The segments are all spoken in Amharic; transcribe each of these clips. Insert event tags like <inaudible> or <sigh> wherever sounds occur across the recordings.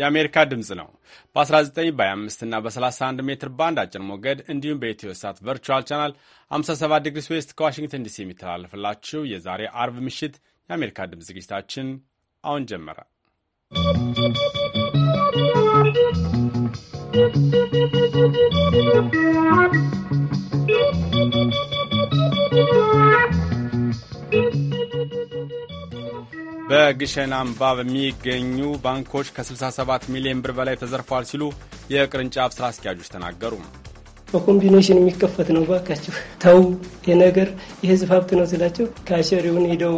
የአሜሪካ ድምፅ ነው። በ19 በ25 እና በ31 ሜትር ባንድ አጭር ሞገድ እንዲሁም በኢትዮ ሳት ቨርቹዋል ቻናል 57 ዲግሪ ስዌስት ከዋሽንግተን ዲሲ የሚተላለፍላችሁ የዛሬ አርብ ምሽት የአሜሪካ ድምፅ ዝግጅታችን አሁን ጀመረ። ¶¶ በግሸን አምባ በሚገኙ ባንኮች ከ67 ሚሊዮን ብር በላይ ተዘርፏል ሲሉ የቅርንጫፍ ሥራ አስኪያጆች ተናገሩ። በኮምቢኔሽን የሚከፈት ነው። ባካቸው ተው፣ የነገር የህዝብ ሀብት ነው ስላቸው ከአሸሪውን ሄደው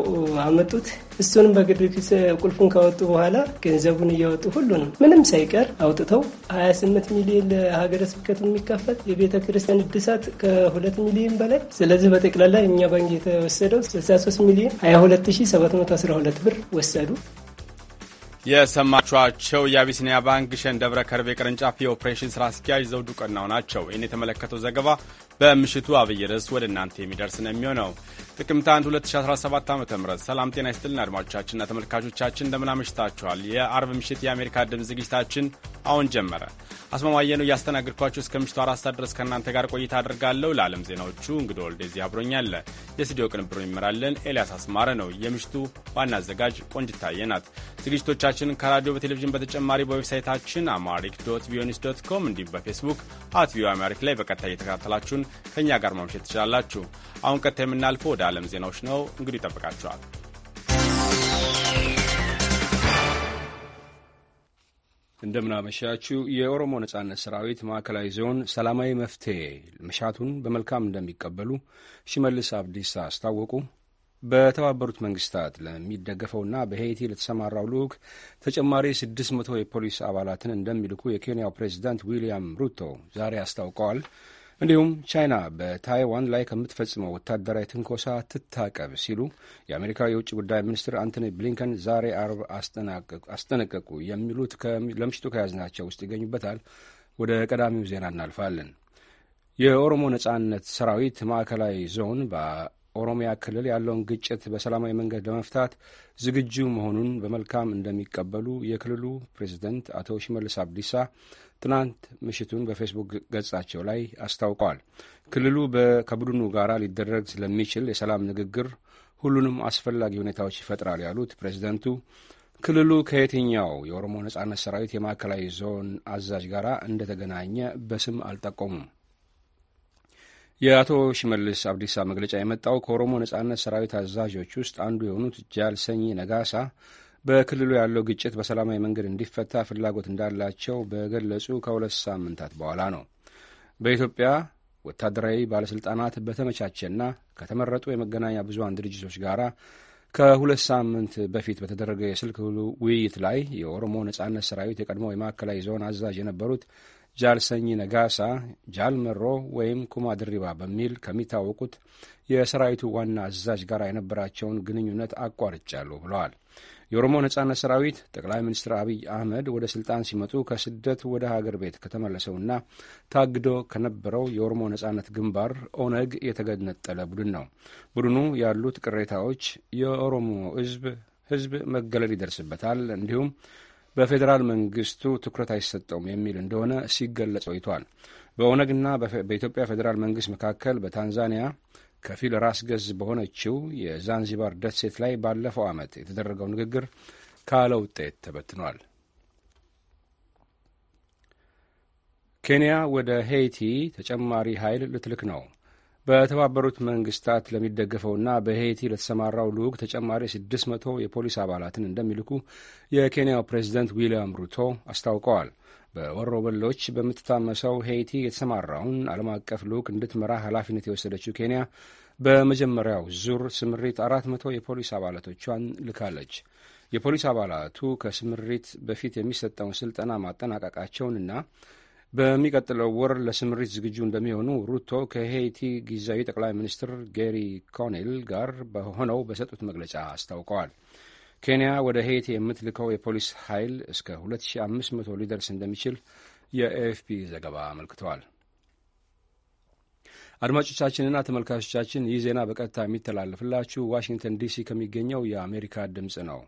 አመጡት። እሱንም በግርፊት ቁልፉን ካወጡ በኋላ ገንዘቡን እያወጡ ሁሉንም ምንም ሳይቀር አውጥተው 28 ሚሊዮን ለሀገረ ስብከቱ የሚከፈት የቤተ ክርስቲያን እድሳት 2 ሚሊዮን በላይ ስለዚህ በጠቅላላ እኛ ባንክ የተወሰደው 63 ሚሊዮን 22712 ብር ወሰዱ። የሰማችኋቸው የአቢሲኒያ ባንክ ግሸን ደብረ ከርቤ ቅርንጫፍ የኦፕሬሽን ስራ አስኪያጅ ዘውዱ ቀናው ናቸው። ይህን የተመለከተው ዘገባ በምሽቱ አብይ ርዕስ ወደ እናንተ የሚደርስ ነው የሚሆነው። ጥቅምት 1 2017 ዓ ም ሰላም ጤና ይስጥልን አድማጮቻችንና ተመልካቾቻችን እንደምን አመሽታችኋል። የአርብ ምሽት የአሜሪካ ድምፅ ዝግጅታችን አሁን ጀመረ። አስማማየ ነው እያስተናግድኳችሁ እስከ ምሽቱ አራት ሰዓት ድረስ ከእናንተ ጋር ቆይታ አድርጋለሁ። ለዓለም ዜናዎቹ እንግዶ ወልደ አብሮኛለ። የስቱዲዮ ቅንብሩን ይመራለን ኤልያስ አስማረ ነው። የምሽቱ ዋና አዘጋጅ ቆንጅ ናት። ዝግጅቶቻችን ከራዲዮ በቴሌቪዥን በተጨማሪ በዌብሳይታችን አማሪክ ዶት ቪኦኒስ ዶት ኮም እንዲሁም በፌስቡክ አት ቪኦ አማሪክ ላይ በቀጥታ እየተከታተላችሁን ከእኛ ጋር ማምሸት ትችላላችሁ። አሁን ቀጥታ የምናልፈው ወደ የዓለም ዜናዎች ነው። እንግዲህ ይጠብቃችኋል። እንደምናመሻችሁ። የኦሮሞ ነጻነት ሰራዊት ማዕከላዊ ዞን ሰላማዊ መፍትሄ መሻቱን በመልካም እንደሚቀበሉ ሽመልስ አብዲሳ አስታወቁ። በተባበሩት መንግስታት ለሚደገፈውና በሄይቲ ለተሰማራው ልዑክ ተጨማሪ 600 የፖሊስ አባላትን እንደሚልኩ የኬንያው ፕሬዚዳንት ዊልያም ሩቶ ዛሬ አስታውቀዋል። እንዲሁም ቻይና በታይዋን ላይ ከምትፈጽመው ወታደራዊ ትንኮሳ ትታቀብ ሲሉ የአሜሪካው የውጭ ጉዳይ ሚኒስትር አንቶኒ ብሊንከን ዛሬ አርብ አስጠነቀቁ የሚሉት ለምሽቱ ከያዝናቸው ውስጥ ይገኙበታል። ወደ ቀዳሚው ዜና እናልፋለን። የኦሮሞ ነጻነት ሰራዊት ማዕከላዊ ዞን በኦሮሚያ ክልል ያለውን ግጭት በሰላማዊ መንገድ ለመፍታት ዝግጁ መሆኑን በመልካም እንደሚቀበሉ የክልሉ ፕሬዚደንት አቶ ሽመልስ አብዲሳ ትናንት ምሽቱን በፌስቡክ ገጻቸው ላይ አስታውቀዋል። ክልሉ ከቡድኑ ጋር ሊደረግ ስለሚችል የሰላም ንግግር ሁሉንም አስፈላጊ ሁኔታዎች ይፈጥራል ያሉት ፕሬዚደንቱ ክልሉ ከየትኛው የኦሮሞ ነጻነት ሰራዊት የማዕከላዊ ዞን አዛዥ ጋር እንደተገናኘ በስም አልጠቆሙም። የአቶ ሽመልስ አብዲሳ መግለጫ የመጣው ከኦሮሞ ነጻነት ሰራዊት አዛዦች ውስጥ አንዱ የሆኑት ጃል ሰኚ ነጋሳ በክልሉ ያለው ግጭት በሰላማዊ መንገድ እንዲፈታ ፍላጎት እንዳላቸው በገለጹ ከሁለት ሳምንታት በኋላ ነው። በኢትዮጵያ ወታደራዊ ባለሥልጣናት በተመቻቸና ከተመረጡ የመገናኛ ብዙን ድርጅቶች ጋር ከሁለት ሳምንት በፊት በተደረገ የስልክ ውይይት ላይ የኦሮሞ ነጻነት ሰራዊት የቀድሞ የማዕከላዊ ዞን አዛዥ የነበሩት ጃልሰኝ ነጋሳ ጃልመሮ ወይም ኩማ ድሪባ በሚል ከሚታወቁት የሰራዊቱ ዋና አዛዥ ጋር የነበራቸውን ግንኙነት አቋርጫሉ ብለዋል። የኦሮሞ ነጻነት ሰራዊት ጠቅላይ ሚኒስትር አብይ አህመድ ወደ ስልጣን ሲመጡ ከስደት ወደ ሀገር ቤት ከተመለሰውና ታግዶ ከነበረው የኦሮሞ ነጻነት ግንባር ኦነግ የተገነጠለ ቡድን ነው። ቡድኑ ያሉት ቅሬታዎች የኦሮሞ ህዝብ ህዝብ መገለል ይደርስበታል፣ እንዲሁም በፌዴራል መንግስቱ ትኩረት አይሰጠውም የሚል እንደሆነ ሲገለጽ ቆይቷል። በኦነግና በኢትዮጵያ ፌዴራል መንግስት መካከል በታንዛኒያ ከፊል ራስ ገዝ በሆነችው የዛንዚባር ደሴት ላይ ባለፈው ዓመት የተደረገው ንግግር ካለ ውጤት ተበትኗል። ኬንያ ወደ ሄይቲ ተጨማሪ ኃይል ልትልክ ነው። በተባበሩት መንግስታት ለሚደገፈውና በሄይቲ ለተሰማራው ልዑክ ተጨማሪ 600 የፖሊስ አባላትን እንደሚልኩ የኬንያው ፕሬዚደንት ዊልያም ሩቶ አስታውቀዋል። በወሮበሎች በምትታመሰው ሄይቲ የተሰማራውን ዓለም አቀፍ ልዑክ እንድትመራ ኃላፊነት የወሰደችው ኬንያ በመጀመሪያው ዙር ስምሪት አራት መቶ የፖሊስ አባላቶቿን ልካለች። የፖሊስ አባላቱ ከስምሪት በፊት የሚሰጠውን ስልጠና ማጠናቀቃቸውንና በሚቀጥለው ወር ለስምሪት ዝግጁ እንደሚሆኑ ሩቶ ከሄይቲ ጊዜያዊ ጠቅላይ ሚኒስትር ጌሪ ኮኔል ጋር በሆነው በሰጡት መግለጫ አስታውቀዋል። ኬንያ ወደ ሄይቲ የምትልከው የፖሊስ ኃይል እስከ 2500 ሊደርስ እንደሚችል የኤኤፍፒ ዘገባ አመልክተዋል። አድማጮቻችንና ተመልካቾቻችን ይህ ዜና በቀጥታ የሚተላለፍላችሁ ዋሽንግተን ዲሲ ከሚገኘው የአሜሪካ ድምፅ ነው።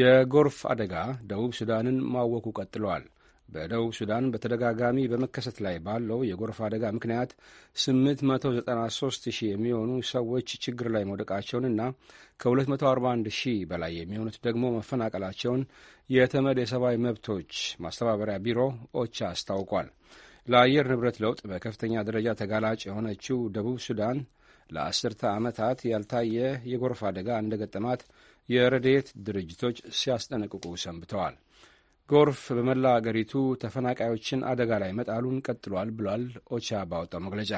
የጎርፍ አደጋ ደቡብ ሱዳንን ማወኩ ቀጥለዋል። በደቡብ ሱዳን በተደጋጋሚ በመከሰት ላይ ባለው የጎርፍ አደጋ ምክንያት 893 ሺህ የሚሆኑ ሰዎች ችግር ላይ መውደቃቸውንና ከ241 ሺህ በላይ የሚሆኑት ደግሞ መፈናቀላቸውን የተመድ የሰብአዊ መብቶች ማስተባበሪያ ቢሮ ኦቻ አስታውቋል። ለአየር ንብረት ለውጥ በከፍተኛ ደረጃ ተጋላጭ የሆነችው ደቡብ ሱዳን ለአስርተ ዓመታት ያልታየ የጎርፍ አደጋ እንደገጠማት የረድኤት ድርጅቶች ሲያስጠነቅቁ ሰንብተዋል። ጎርፍ በመላው አገሪቱ ተፈናቃዮችን አደጋ ላይ መጣሉን ቀጥሏል ብሏል ኦቻ ባወጣው መግለጫ።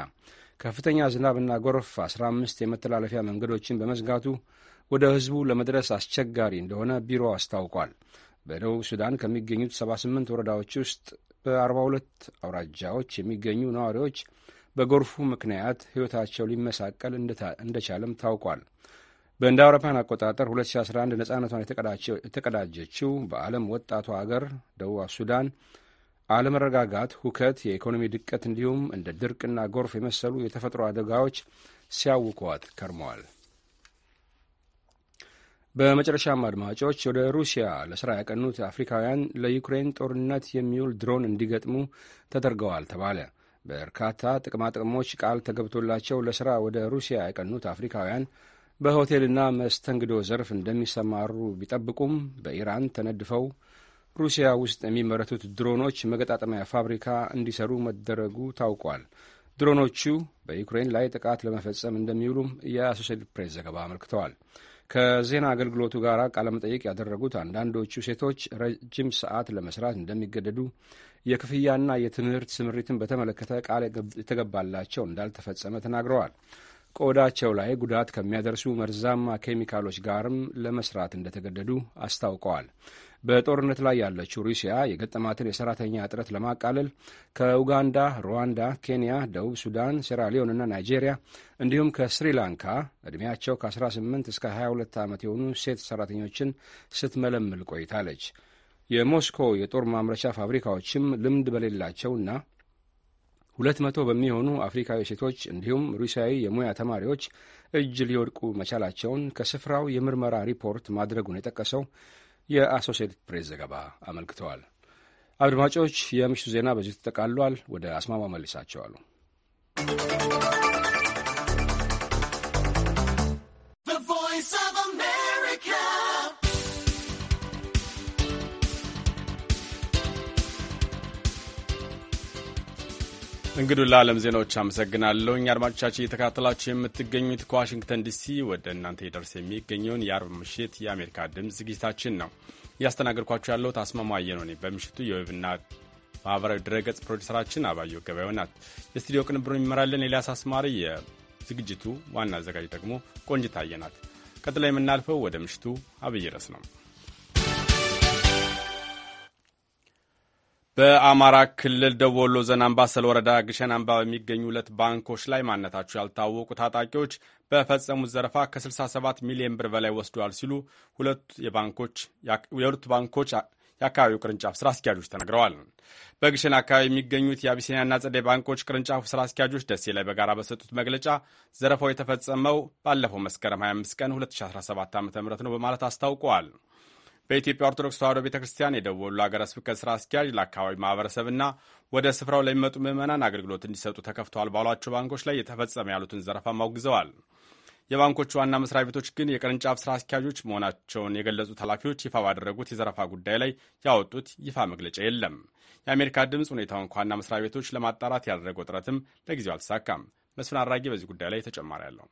ከፍተኛ ዝናብና ጎርፍ 15 የመተላለፊያ መንገዶችን በመዝጋቱ ወደ ህዝቡ ለመድረስ አስቸጋሪ እንደሆነ ቢሮ አስታውቋል። በደቡብ ሱዳን ከሚገኙት 78 ወረዳዎች ውስጥ በ42 አውራጃዎች የሚገኙ ነዋሪዎች በጎርፉ ምክንያት ሕይወታቸው ሊመሳቀል እንደቻለም ታውቋል። በእንደ አውሮፓን አቆጣጠር 2011 ነጻነቷን የተቀዳጀችው በዓለም ወጣቷ አገር ደቡብ ሱዳን አለመረጋጋት፣ ሁከት፣ የኢኮኖሚ ድቀት እንዲሁም እንደ ድርቅና ጎርፍ የመሰሉ የተፈጥሮ አደጋዎች ሲያውቋት ከርመዋል። በመጨረሻም አድማጮች ወደ ሩሲያ ለሥራ ያቀኑት አፍሪካውያን ለዩክሬን ጦርነት የሚውል ድሮን እንዲገጥሙ ተደርገዋል ተባለ። በርካታ ጥቅማጥቅሞች ቃል ተገብቶላቸው ለሥራ ወደ ሩሲያ ያቀኑት አፍሪካውያን በሆቴልና መስተንግዶ ዘርፍ እንደሚሰማሩ ቢጠብቁም በኢራን ተነድፈው ሩሲያ ውስጥ የሚመረቱት ድሮኖች መገጣጠሚያ ፋብሪካ እንዲሰሩ መደረጉ ታውቋል። ድሮኖቹ በዩክሬን ላይ ጥቃት ለመፈጸም እንደሚውሉም የአሶሼትድ ፕሬስ ዘገባ አመልክተዋል። ከዜና አገልግሎቱ ጋር ቃለመጠይቅ ያደረጉት አንዳንዶቹ ሴቶች ረጅም ሰዓት ለመስራት እንደሚገደዱ፣ የክፍያና የትምህርት ስምሪትን በተመለከተ ቃል የተገባላቸው እንዳልተፈጸመ ተናግረዋል። ቆዳቸው ላይ ጉዳት ከሚያደርሱ መርዛማ ኬሚካሎች ጋርም ለመስራት እንደተገደዱ አስታውቀዋል። በጦርነት ላይ ያለችው ሩሲያ የገጠማትን የሰራተኛ እጥረት ለማቃለል ከኡጋንዳ፣ ሩዋንዳ፣ ኬንያ፣ ደቡብ ሱዳን፣ ሴራሊዮንና ናይጄሪያ እንዲሁም ከስሪላንካ ዕድሜያቸው ከ18 እስከ 22 ዓመት የሆኑ ሴት ሰራተኞችን ስትመለምል ቆይታለች። የሞስኮ የጦር ማምረቻ ፋብሪካዎችም ልምድ በሌላቸውና ሁለት መቶ በሚሆኑ አፍሪካዊ ሴቶች እንዲሁም ሩሲያዊ የሙያ ተማሪዎች እጅ ሊወድቁ መቻላቸውን ከስፍራው የምርመራ ሪፖርት ማድረጉን የጠቀሰው የአሶሴትድ ፕሬስ ዘገባ አመልክተዋል። አድማጮች፣ የምሽቱ ዜና በዚሁ ተጠቃልሏል። ወደ አስማማ መልሳቸዋሉ። እንግዱ ለዓለም ዜናዎች አመሰግናለሁ። እኛ አድማጮቻችን እየተከታተላችሁ የምትገኙት ከዋሽንግተን ዲሲ ወደ እናንተ የደርስ የሚገኘውን የአርብ ምሽት የአሜሪካ ድምፅ ዝግጅታችን ነው። እያስተናገድኳችሁ ያለው አስማማየ ነው። በምሽቱ የዌብና ማህበራዊ ድረገጽ ፕሮዲሰራችን አባዮ ገበያው ናት። የስቱዲዮ ቅንብሩን ይመራለን ኤልያስ አስማሪ፣ የዝግጅቱ ዋና አዘጋጅ ደግሞ ቆንጅታየ ናት። ቀጥላ የምናልፈው ወደ ምሽቱ አብይ ርዕስ ነው። በአማራ ክልል ደቡብ ወሎ ዞን አምባሰል ወረዳ ግሸን አምባ በሚገኙ ሁለት ባንኮች ላይ ማንነታቸው ያልታወቁ ታጣቂዎች በፈጸሙት ዘረፋ ከ67 ሚሊዮን ብር በላይ ወስደዋል ሲሉ የሁለቱ ባንኮች የአካባቢው ቅርንጫፍ ስራ አስኪያጆች ተናግረዋል። በግሸን አካባቢ የሚገኙት የአቢሲኒያና ጸደይ ባንኮች ቅርንጫፉ ስራ አስኪያጆች ደሴ ላይ በጋራ በሰጡት መግለጫ ዘረፋው የተፈጸመው ባለፈው መስከረም 25 ቀን 2017 ዓ ም ነው በማለት አስታውቀዋል። በኢትዮጵያ ኦርቶዶክስ ተዋሕዶ ቤተ ክርስቲያን የደቡብ ወሎ ሀገረ ስብከት ስራ አስኪያጅ ለአካባቢው ማህበረሰብና ወደ ስፍራው ለሚመጡ ምዕመናን አገልግሎት እንዲሰጡ ተከፍተዋል ባሏቸው ባንኮች ላይ የተፈጸመ ያሉትን ዘረፋ ማውግዘዋል። የባንኮቹ ዋና መስሪያ ቤቶች ግን የቅርንጫፍ ስራ አስኪያጆች መሆናቸውን የገለጹት ኃላፊዎች ይፋ ባደረጉት የዘረፋ ጉዳይ ላይ ያወጡት ይፋ መግለጫ የለም። የአሜሪካ ድምፅ ሁኔታውን ከዋና መስሪያ ቤቶች ለማጣራት ያደረገው ጥረትም ለጊዜው አልተሳካም። መስፍን አራጌ በዚህ ጉዳይ ላይ ተጨማሪ ያለው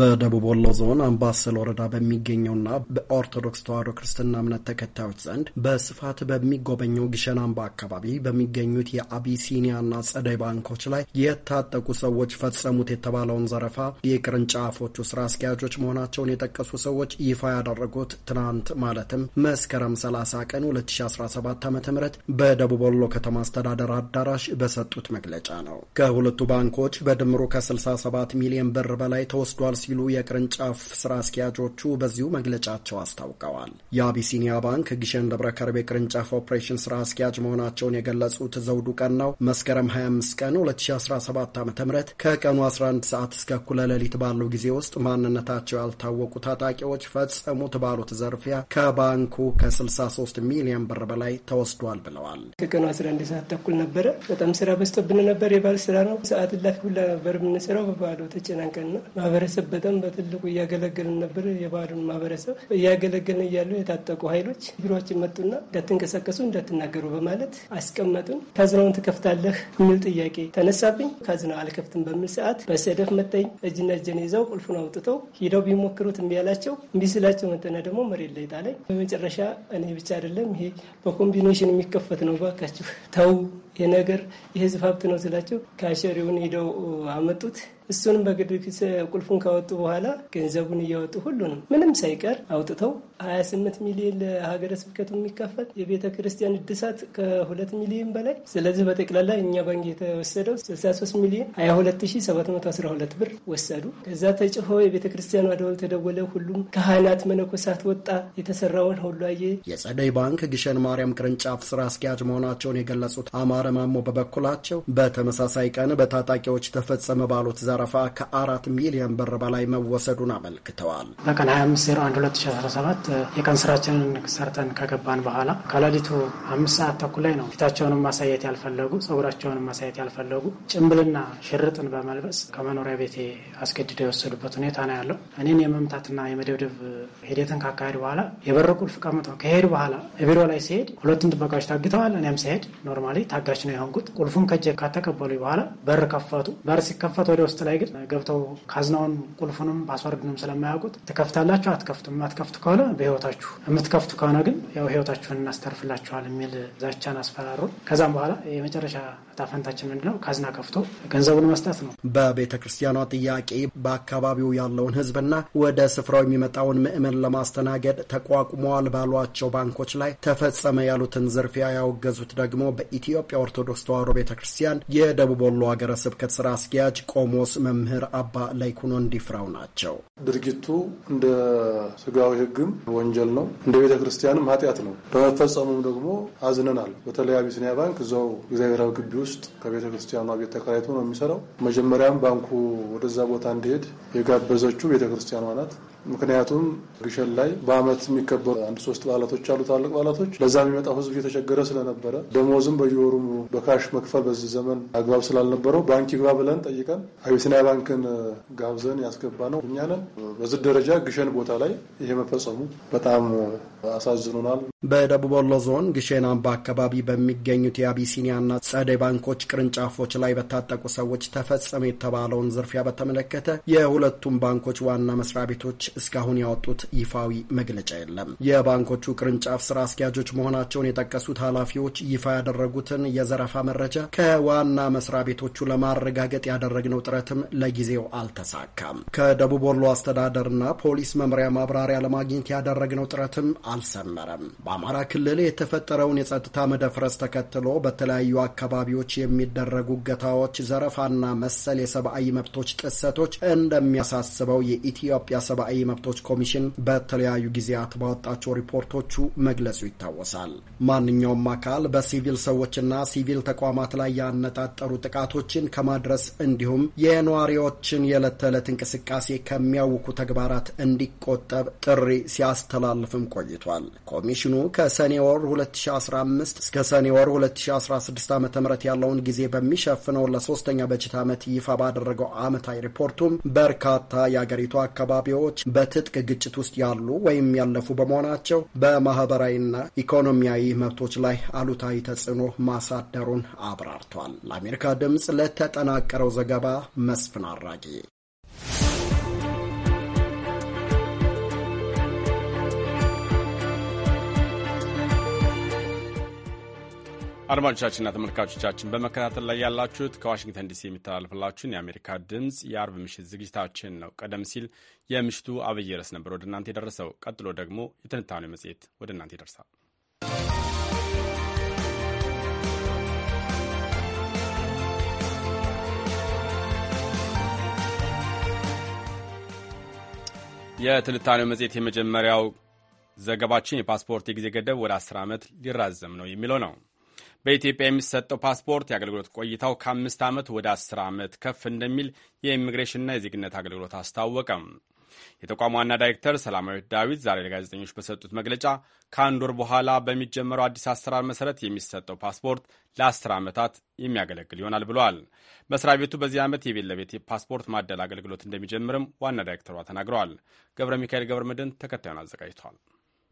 በደቡብ ወሎ ዞን አምባሰል ወረዳ በሚገኘውና በኦርቶዶክስ ተዋሕዶ ክርስትና እምነት ተከታዮች ዘንድ በስፋት በሚጎበኘው ግሸን አምባ አካባቢ በሚገኙት የአቢሲኒያና ጸደይ ባንኮች ላይ የታጠቁ ሰዎች ፈጸሙት የተባለውን ዘረፋ የቅርንጫፎቹ ስራ አስኪያጆች መሆናቸውን የጠቀሱ ሰዎች ይፋ ያደረጉት ትናንት ማለትም መስከረም 30 ቀን 2017 ዓ ም በደቡብ ወሎ ከተማ አስተዳደር አዳራሽ በሰጡት መግለጫ ነው። ከሁለቱ ባንኮች በድምሩ ከ67 ሚሊዮን ብር በላይ ተወስዷል ሲሉ የቅርንጫፍ ስራ አስኪያጆቹ በዚሁ መግለጫቸው አስታውቀዋል። የአቢሲኒያ ባንክ ግሸን ደብረ ከርቤ ቅርንጫፍ ኦፕሬሽን ስራ አስኪያጅ መሆናቸውን የገለጹት ዘውዱ ቀን ነው መስከረም 25 ቀን 2017 ዓ ም ከቀኑ 11 ሰዓት እስከ እኩለ ሌሊት ባለው ጊዜ ውስጥ ማንነታቸው ያልታወቁ ታጣቂዎች ፈጸሙት ባሉት ዘርፊያ ከባንኩ ከ63 ሚሊዮን ብር በላይ ተወስዷል ብለዋል። ከቀኑ 11 ሰዓት ተኩል ነበረ። በጣም ስራ በዝቶብን ነበር። የባል ስራ ነው። ሰዓት ላፊ ሁላ ነበር የምንሰራው። በባዶ ተጨናንቀንና ማህበረሰብ በጣም በትልቁ እያገለገልን ነበር። የባህሉን ማህበረሰብ እያገለገልን እያሉ የታጠቁ ኃይሎች ቢሮችን መጡና እንዳትንቀሳቀሱ እንዳትናገሩ በማለት አስቀመጡን። ካዝናውን ትከፍታለህ የሚል ጥያቄ ተነሳብኝ። ካዝና አልከፍትም በሚል ሰዓት በሰደፍ መታኝ። እጅና እጀን ይዘው ቁልፉን አውጥተው ሂደው ቢሞክሩት እምቢ አላቸው። እምቢ ስላቸው መጠና ደግሞ መሬት ላይ ጣለኝ። በመጨረሻ እኔ ብቻ አይደለም ይሄ በኮምቢኔሽን የሚከፈት ነው፣ እባካችሁ ተው፣ የነገር የህዝብ ሀብት ነው ስላቸው ካሸሪውን ሂደው አመጡት። እሱንም ፊት ቁልፉን ካወጡ በኋላ ገንዘቡን እያወጡ ሁሉንም ምንም ሳይቀር አውጥተው 28 ሚሊዮን ለሀገረ ስብከቱ የሚካፈል የቤተ ክርስቲያን እድሳት ከሁለት ሚሊዮን በላይ ስለዚህ በጠቅላላ እኛ ባንክ የተወሰደው 63 ሚሊዮን 22712 ብር ወሰዱ። ከዛ ተጭሆ የቤተ ክርስቲያኑ ደወል ተደወለ። ሁሉም ካህናት መነኮሳት ወጣ የተሰራውን ሁሉ አየ። የጸደይ ባንክ ግሸን ማርያም ቅርንጫፍ ስራ አስኪያጅ መሆናቸውን የገለጹት አማረ ማሞ በበኩላቸው በተመሳሳይ ቀን በታጣቂዎች ተፈጸመ ባሉት ዘረፋ ከአራት ሚሊዮን ብር በላይ መወሰዱን አመልክተዋል። በቀን 25/01/2017 የቀን ስራችንን ሰርተን ከገባን በኋላ ከሌሊቱ አምስት ሰዓት ተኩል ላይ ነው ፊታቸውንም ማሳየት ያልፈለጉ ጸጉራቸውንም ማሳየት ያልፈለጉ ጭምብልና ሽርጥን በመልበስ ከመኖሪያ ቤቴ አስገድደው የወሰዱበት ሁኔታ ነው ያለው። እኔን የመምታትና የመደብደብ ሂደትን ካካሄድ በኋላ የበር ቁልፍ ቀምጠው ከሄዱ በኋላ ቢሮ ላይ ሲሄድ ሁለቱም ጥበቃዎች ታግተዋል። እኔም ሲሄድ ኖርማሊ ታጋች ነው የሆንኩት። ቁልፉን ከጀ ካተቀበሉ በኋላ በር ከፈቱ። በር ሲከፈት ወደ ውስጥ ውስጥ ላይ ግን ገብተው ካዝናውን ቁልፉንም ፓስወርድንም ስለማያውቁት ትከፍታላችሁ፣ አትከፍቱም፣ የማትከፍቱ ከሆነ በህይወታችሁ የምትከፍቱ ከሆነ ግን ያው ህይወታችሁን እናስተርፍላችኋል የሚል ዛቻን አስፈራሩ። ከዛም በኋላ የመጨረሻ እጣፈንታችን ምንድን ነው? ካዝና ከፍቶ ገንዘቡን መስጠት ነው። በቤተ ክርስቲያኗ ጥያቄ በአካባቢው ያለውን ህዝብና ወደ ስፍራው የሚመጣውን ምዕመን ለማስተናገድ ተቋቁመዋል ባሏቸው ባንኮች ላይ ተፈጸመ ያሉትን ዝርፊያ ያወገዙት ደግሞ በኢትዮጵያ ኦርቶዶክስ ተዋሕዶ ቤተ ክርስቲያን የደቡብ ወሎ ሀገረ ስብከት ስራ አስኪያጅ ቆሞስ መምህር አባ ላይኩኖ እንዲፍራው ናቸው። ድርጊቱ እንደ ስጋዊ ህግም ወንጀል ነው፣ እንደ ቤተ ክርስቲያንም ኃጢአት ነው። በመፈጸሙም ደግሞ አዝነናል። በተለይ አቢሲኒያ ባንክ እዛው እግዚአብሔራዊ ግቢ ውስጥ ከቤተ ክርስቲያኗ ቤት ተከራይቶ ነው የሚሰራው። መጀመሪያም ባንኩ ወደዛ ቦታ እንዲሄድ የጋበዘችው ቤተ ክርስቲያኗ ናት። ምክንያቱም ግሸን ላይ በአመት የሚከበሩ አንድ ሶስት በዓላቶች አሉ፣ ታላቅ በዓላቶች። ለዛ የሚመጣው ህዝብ እየተቸገረ ስለነበረ ደሞዝም በየወሩ በካሽ መክፈል በዚህ ዘመን አግባብ ስላልነበረው ባንክ ይግባ ብለን ጠይቀን አቢሲኒያ ባንክን ጋብዘን ያስገባ ነው እኛ ነን። በዚህ ደረጃ ግሸን ቦታ ላይ ይሄ መፈጸሙ በጣም አሳዝኖናል። በደቡብ ወሎ ዞን ግሸን አምባ አካባቢ በሚገኙት የአቢሲኒያና ጸደይ ባንኮች ቅርንጫፎች ላይ በታጠቁ ሰዎች ተፈጸመ የተባለውን ዝርፊያ በተመለከተ የሁለቱም ባንኮች ዋና መስሪያ ቤቶች እስካሁን ያወጡት ይፋዊ መግለጫ የለም። የባንኮቹ ቅርንጫፍ ስራ አስኪያጆች መሆናቸውን የጠቀሱት ኃላፊዎች ይፋ ያደረጉትን የዘረፋ መረጃ ከዋና መስሪያ ቤቶቹ ለማረጋገጥ ያደረግነው ጥረትም ለጊዜው አልተሳካም። ከደቡብ ወሎ አስተዳደርና ፖሊስ መምሪያ ማብራሪያ ለማግኘት ያደረግነው ጥረትም አልሰመረም። በአማራ ክልል የተፈጠረውን የጸጥታ መደፍረስ ተከትሎ በተለያዩ አካባቢዎች የሚደረጉ እገታዎች፣ ዘረፋና መሰል የሰብአዊ መብቶች ጥሰቶች እንደሚያሳስበው የኢትዮጵያ ሰብአዊ መብቶች ኮሚሽን በተለያዩ ጊዜያት ባወጣቸው ሪፖርቶቹ መግለጹ ይታወሳል። ማንኛውም አካል በሲቪል ሰዎችና ሲቪል ተቋማት ላይ ያነጣጠሩ ጥቃቶችን ከማድረስ እንዲሁም የነዋሪዎችን የዕለት ተዕለት እንቅስቃሴ ከሚያውኩ ተግባራት እንዲቆጠብ ጥሪ ሲያስተላልፍም ቆይቷል። ኮሚሽኑ ከሰኔ ወር 2015 እስከ ሰኔ ወር 2016 ዓ ም ያለውን ጊዜ በሚሸፍነው ለሶስተኛ በጀት ዓመት ይፋ ባደረገው ዓመታዊ ሪፖርቱም በርካታ የአገሪቱ አካባቢዎች በትጥቅ ግጭት ውስጥ ያሉ ወይም ያለፉ በመሆናቸው በማህበራዊና ኢኮኖሚያዊ መብቶች ላይ አሉታዊ ተጽዕኖ ማሳደሩን አብራርቷል። ለአሜሪካ ድምፅ ለተጠናቀረው ዘገባ መስፍን አራጌ አድማጮቻችንና ተመልካቾቻችን በመከታተል ላይ ያላችሁት ከዋሽንግተን ዲሲ የሚተላለፍላችሁን የአሜሪካ ድምፅ የአርብ ምሽት ዝግጅታችን ነው። ቀደም ሲል የምሽቱ አብይ ርዕስ ነበር ወደ እናንተ የደረሰው። ቀጥሎ ደግሞ የትንታኔ መጽሔት ወደ እናንተ ይደርሳል። የትንታኔው መጽሔት የመጀመሪያው ዘገባችን የፓስፖርት የጊዜ ገደብ ወደ አስር ዓመት ሊራዘም ነው የሚለው ነው። በኢትዮጵያ የሚሰጠው ፓስፖርት የአገልግሎት ቆይታው ከአምስት ዓመት ወደ አስር ዓመት ከፍ እንደሚል የኢሚግሬሽንና የዜግነት አገልግሎት አስታወቀም። የተቋሙ ዋና ዳይሬክተር ሰላማዊት ዳዊት ዛሬ ለጋዜጠኞች በሰጡት መግለጫ ከአንድ ወር በኋላ በሚጀመረው አዲስ አሰራር መሰረት የሚሰጠው ፓስፖርት ለአስር ዓመታት የሚያገለግል ይሆናል ብለዋል። መስሪያ ቤቱ በዚህ ዓመት የቤት ለቤት ፓስፖርት ማደል አገልግሎት እንደሚጀምርም ዋና ዳይሬክተሯ ተናግረዋል። ገብረ ሚካኤል ገብረ መድን ተከታዩን አዘጋጅቷል።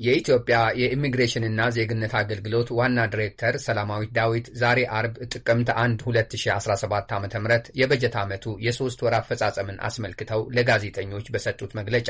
የኢትዮጵያ የኢሚግሬሽንና ዜግነት አገልግሎት ዋና ዲሬክተር ሰላማዊት ዳዊት ዛሬ አርብ ጥቅምት 1 2017 ዓ ም የበጀት ዓመቱ የሦስት ወር አፈጻጸምን አስመልክተው ለጋዜጠኞች በሰጡት መግለጫ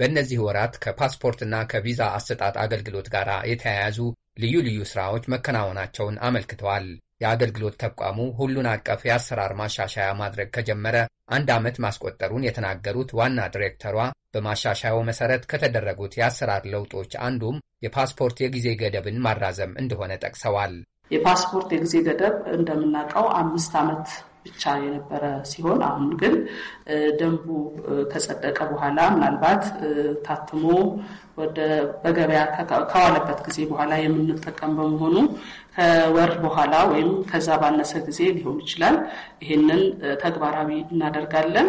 በእነዚህ ወራት ከፓስፖርትና ከቪዛ አሰጣጥ አገልግሎት ጋር የተያያዙ ልዩ ልዩ ሥራዎች መከናወናቸውን አመልክተዋል። የአገልግሎት ተቋሙ ሁሉን አቀፍ የአሰራር ማሻሻያ ማድረግ ከጀመረ አንድ ዓመት ማስቆጠሩን የተናገሩት ዋና ዲሬክተሯ በማሻሻያው መሰረት ከተደረጉት የአሰራር ለውጦች አንዱም የፓስፖርት የጊዜ ገደብን ማራዘም እንደሆነ ጠቅሰዋል። የፓስፖርት የጊዜ ገደብ እንደምናውቀው አምስት ዓመት ብቻ የነበረ ሲሆን አሁን ግን ደንቡ ከጸደቀ በኋላ ምናልባት ታትሞ ወደ በገበያ ከዋለበት ጊዜ በኋላ የምንጠቀም በመሆኑ ከወር በኋላ ወይም ከዛ ባነሰ ጊዜ ሊሆን ይችላል። ይህንን ተግባራዊ እናደርጋለን።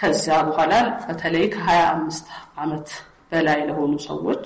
ከዚያ በኋላ በተለይ ከሀያ አምስት ዓመት በላይ ለሆኑ ሰዎች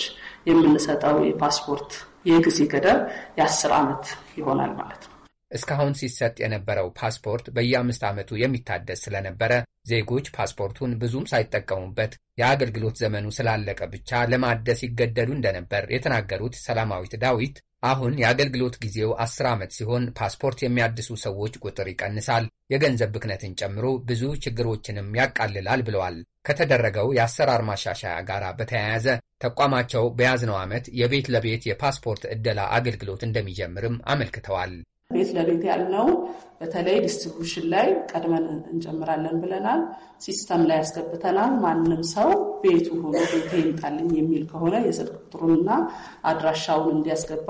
የምንሰጠው የፓስፖርት የጊዜ ገደብ የአስር ዓመት ይሆናል ማለት ነው። እስካሁን ሲሰጥ የነበረው ፓስፖርት በየአምስት ዓመቱ የሚታደስ ስለነበረ ዜጎች ፓስፖርቱን ብዙም ሳይጠቀሙበት የአገልግሎት ዘመኑ ስላለቀ ብቻ ለማደስ ይገደዱ እንደነበር የተናገሩት ሰላማዊት ዳዊት አሁን የአገልግሎት ጊዜው አስር ዓመት ሲሆን ፓስፖርት የሚያድሱ ሰዎች ቁጥር ይቀንሳል፣ የገንዘብ ብክነትን ጨምሮ ብዙ ችግሮችንም ያቃልላል ብለዋል። ከተደረገው የአሰራር ማሻሻያ ጋር በተያያዘ ተቋማቸው በያዝነው ዓመት የቤት ለቤት የፓስፖርት ዕደላ አገልግሎት እንደሚጀምርም አመልክተዋል። ቤት ለቤት ያልነው በተለይ ዲስትሪቡሽን ላይ ቀድመን እንጨምራለን ብለናል። ሲስተም ላይ ያስገብተናል። ማንም ሰው ቤቱ ሆኖ ቤቴ ይምጣልኝ የሚል ከሆነ የስልክ ቁጥሩንና አድራሻውን እንዲያስገባ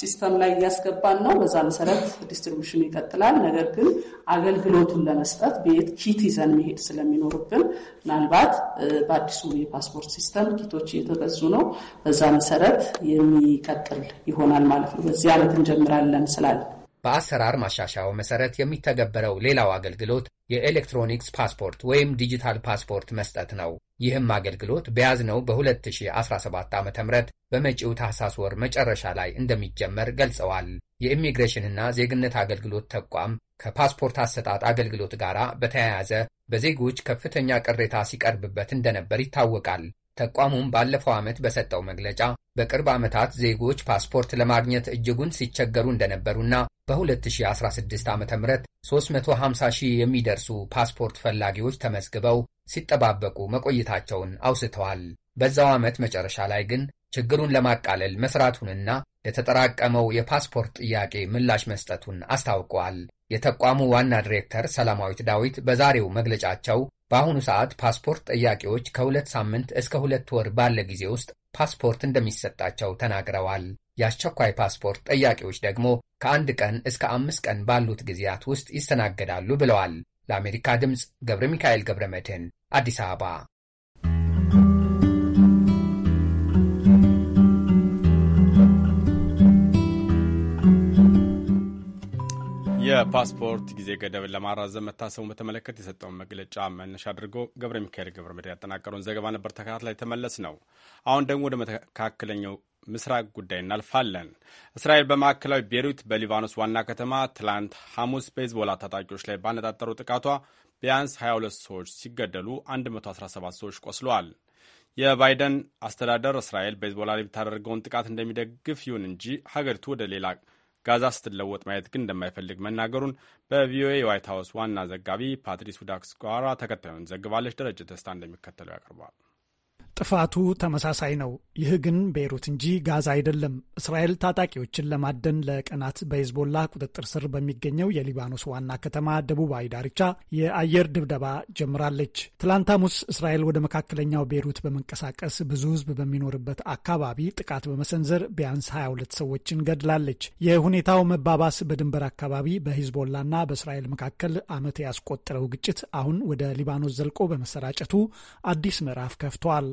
ሲስተም ላይ እያስገባን ነው። በዛ መሰረት ዲስትሪቡሽን ይቀጥላል። ነገር ግን አገልግሎቱን ለመስጠት ቤት ኪት ይዘን መሄድ ስለሚኖርብን ምናልባት በአዲሱ የፓስፖርት ሲስተም ኪቶች እየተገዙ ነው። በዛ መሰረት የሚቀጥል ይሆናል ማለት ነው። በዚህ ዓመት እንጀምራለን ስላለ በአሰራር ማሻሻያው መሰረት የሚተገበረው ሌላው አገልግሎት የኤሌክትሮኒክስ ፓስፖርት ወይም ዲጂታል ፓስፖርት መስጠት ነው። ይህም አገልግሎት በያዝነው በ2017 ዓ ም በመጪው ታህሳስ ወር መጨረሻ ላይ እንደሚጀመር ገልጸዋል። የኢሚግሬሽንና ዜግነት አገልግሎት ተቋም ከፓስፖርት አሰጣጥ አገልግሎት ጋር በተያያዘ በዜጎች ከፍተኛ ቅሬታ ሲቀርብበት እንደነበር ይታወቃል። ተቋሙም ባለፈው ዓመት በሰጠው መግለጫ በቅርብ ዓመታት ዜጎች ፓስፖርት ለማግኘት እጅጉን ሲቸገሩ እንደነበሩና በ2016 ዓ ም 350 ሺህ የሚደርሱ ፓስፖርት ፈላጊዎች ተመዝግበው ሲጠባበቁ መቆየታቸውን አውስተዋል። በዛው ዓመት መጨረሻ ላይ ግን ችግሩን ለማቃለል መስራቱንና ለተጠራቀመው የፓስፖርት ጥያቄ ምላሽ መስጠቱን አስታውቀዋል። የተቋሙ ዋና ዲሬክተር ሰላማዊት ዳዊት በዛሬው መግለጫቸው በአሁኑ ሰዓት ፓስፖርት ጥያቄዎች ከሁለት ሳምንት እስከ ሁለት ወር ባለ ጊዜ ውስጥ ፓስፖርት እንደሚሰጣቸው ተናግረዋል። የአስቸኳይ ፓስፖርት ጠያቂዎች ደግሞ ከአንድ ቀን እስከ አምስት ቀን ባሉት ጊዜያት ውስጥ ይስተናገዳሉ ብለዋል። ለአሜሪካ ድምፅ ገብረ ሚካኤል ገብረ መድህን አዲስ አበባ የፓስፖርት ጊዜ ገደብን ለማራዘም መታሰቡን በተመለከተ የሰጠውን መግለጫ መነሻ አድርጎ ገብረ ሚካኤል ገብረ ምድር ያጠናቀረውን ዘገባ ነበር ተከታትላ የተመለስ ነው። አሁን ደግሞ ወደ መካከለኛው ምስራቅ ጉዳይ እናልፋለን። እስራኤል በማዕከላዊ ቤሩት በሊባኖስ ዋና ከተማ ትላንት ሐሙስ በሂዝቦላ ታጣቂዎች ላይ ባነጣጠረው ጥቃቷ ቢያንስ 22 ሰዎች ሲገደሉ 117 ሰዎች ቆስለዋል። የባይደን አስተዳደር እስራኤል በሂዝቦላ ላይ የምታደርገውን ጥቃት እንደሚደግፍ ይሁን እንጂ ሀገሪቱ ወደ ሌላ ጋዛ ስትለወጥ ማየት ግን እንደማይፈልግ መናገሩን በቪኦኤ ዋይት ሀውስ ዋና ዘጋቢ ፓትሪስ ጓራ ተከታዩን ዘግባለች። ደረጀ ደስታ እንደሚከተለው ያቀርበዋል። ጥፋቱ ተመሳሳይ ነው። ይህ ግን ቤይሩት እንጂ ጋዛ አይደለም። እስራኤል ታጣቂዎችን ለማደን ለቀናት በሂዝቦላ ቁጥጥር ስር በሚገኘው የሊባኖስ ዋና ከተማ ደቡባዊ ዳርቻ የአየር ድብደባ ጀምራለች። ትላንት ሐሙስ እስራኤል ወደ መካከለኛው ቤይሩት በመንቀሳቀስ ብዙ ሕዝብ በሚኖርበት አካባቢ ጥቃት በመሰንዘር ቢያንስ 22 ሰዎችን ገድላለች። የሁኔታው መባባስ በድንበር አካባቢ በሂዝቦላና በእስራኤል መካከል ዓመት ያስቆጠረው ግጭት አሁን ወደ ሊባኖስ ዘልቆ በመሰራጨቱ አዲስ ምዕራፍ ከፍቷል።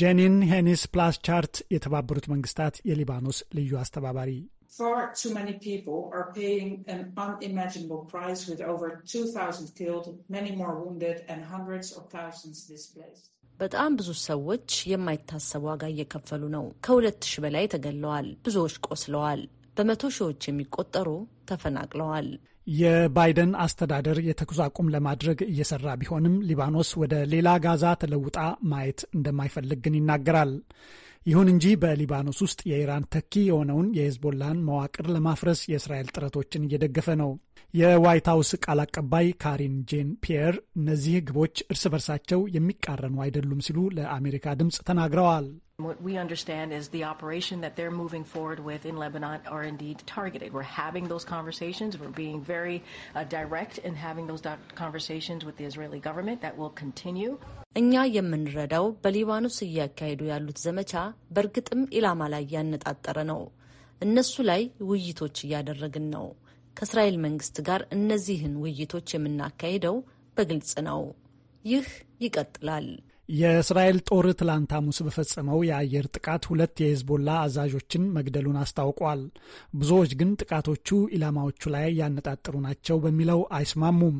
ጄኒን ሄኒስ ፕላስ ቻርት የተባበሩት መንግስታት የሊባኖስ ልዩ አስተባባሪ በጣም ብዙ ሰዎች የማይታሰብ ዋጋ እየከፈሉ ነው። ከሁለት ሺህ በላይ ተገለዋል። ብዙዎች ቆስለዋል። በመቶ ሺዎች የሚቆጠሩ ተፈናቅለዋል። የባይደን አስተዳደር የተኩስ አቁም ለማድረግ እየሰራ ቢሆንም ሊባኖስ ወደ ሌላ ጋዛ ተለውጣ ማየት እንደማይፈልግ ግን ይናገራል። ይሁን እንጂ በሊባኖስ ውስጥ የኢራን ተኪ የሆነውን የሄዝቦላን መዋቅር ለማፍረስ የእስራኤል ጥረቶችን እየደገፈ ነው። የዋይት ሀውስ ቃል አቀባይ ካሪን ጄን ፒየር እነዚህ ግቦች እርስ በርሳቸው የሚቃረኑ አይደሉም ሲሉ ለአሜሪካ ድምፅ ተናግረዋል። እኛ የምንረዳው በሊባኖስ እያካሄዱ ያሉት ዘመቻ በእርግጥም ኢላማ ላይ ያነጣጠረ ነው። እነሱ ላይ ውይይቶች እያደረግን ነው። ከእስራኤል መንግስት ጋር እነዚህን ውይይቶች የምናካሄደው በግልጽ ነው። ይህ ይቀጥላል። የእስራኤል ጦር ትላንት ሐሙስ በፈጸመው የአየር ጥቃት ሁለት የሄዝቦላ አዛዦችን መግደሉን አስታውቋል። ብዙዎች ግን ጥቃቶቹ ኢላማዎቹ ላይ ያነጣጠሩ ናቸው በሚለው አይስማሙም።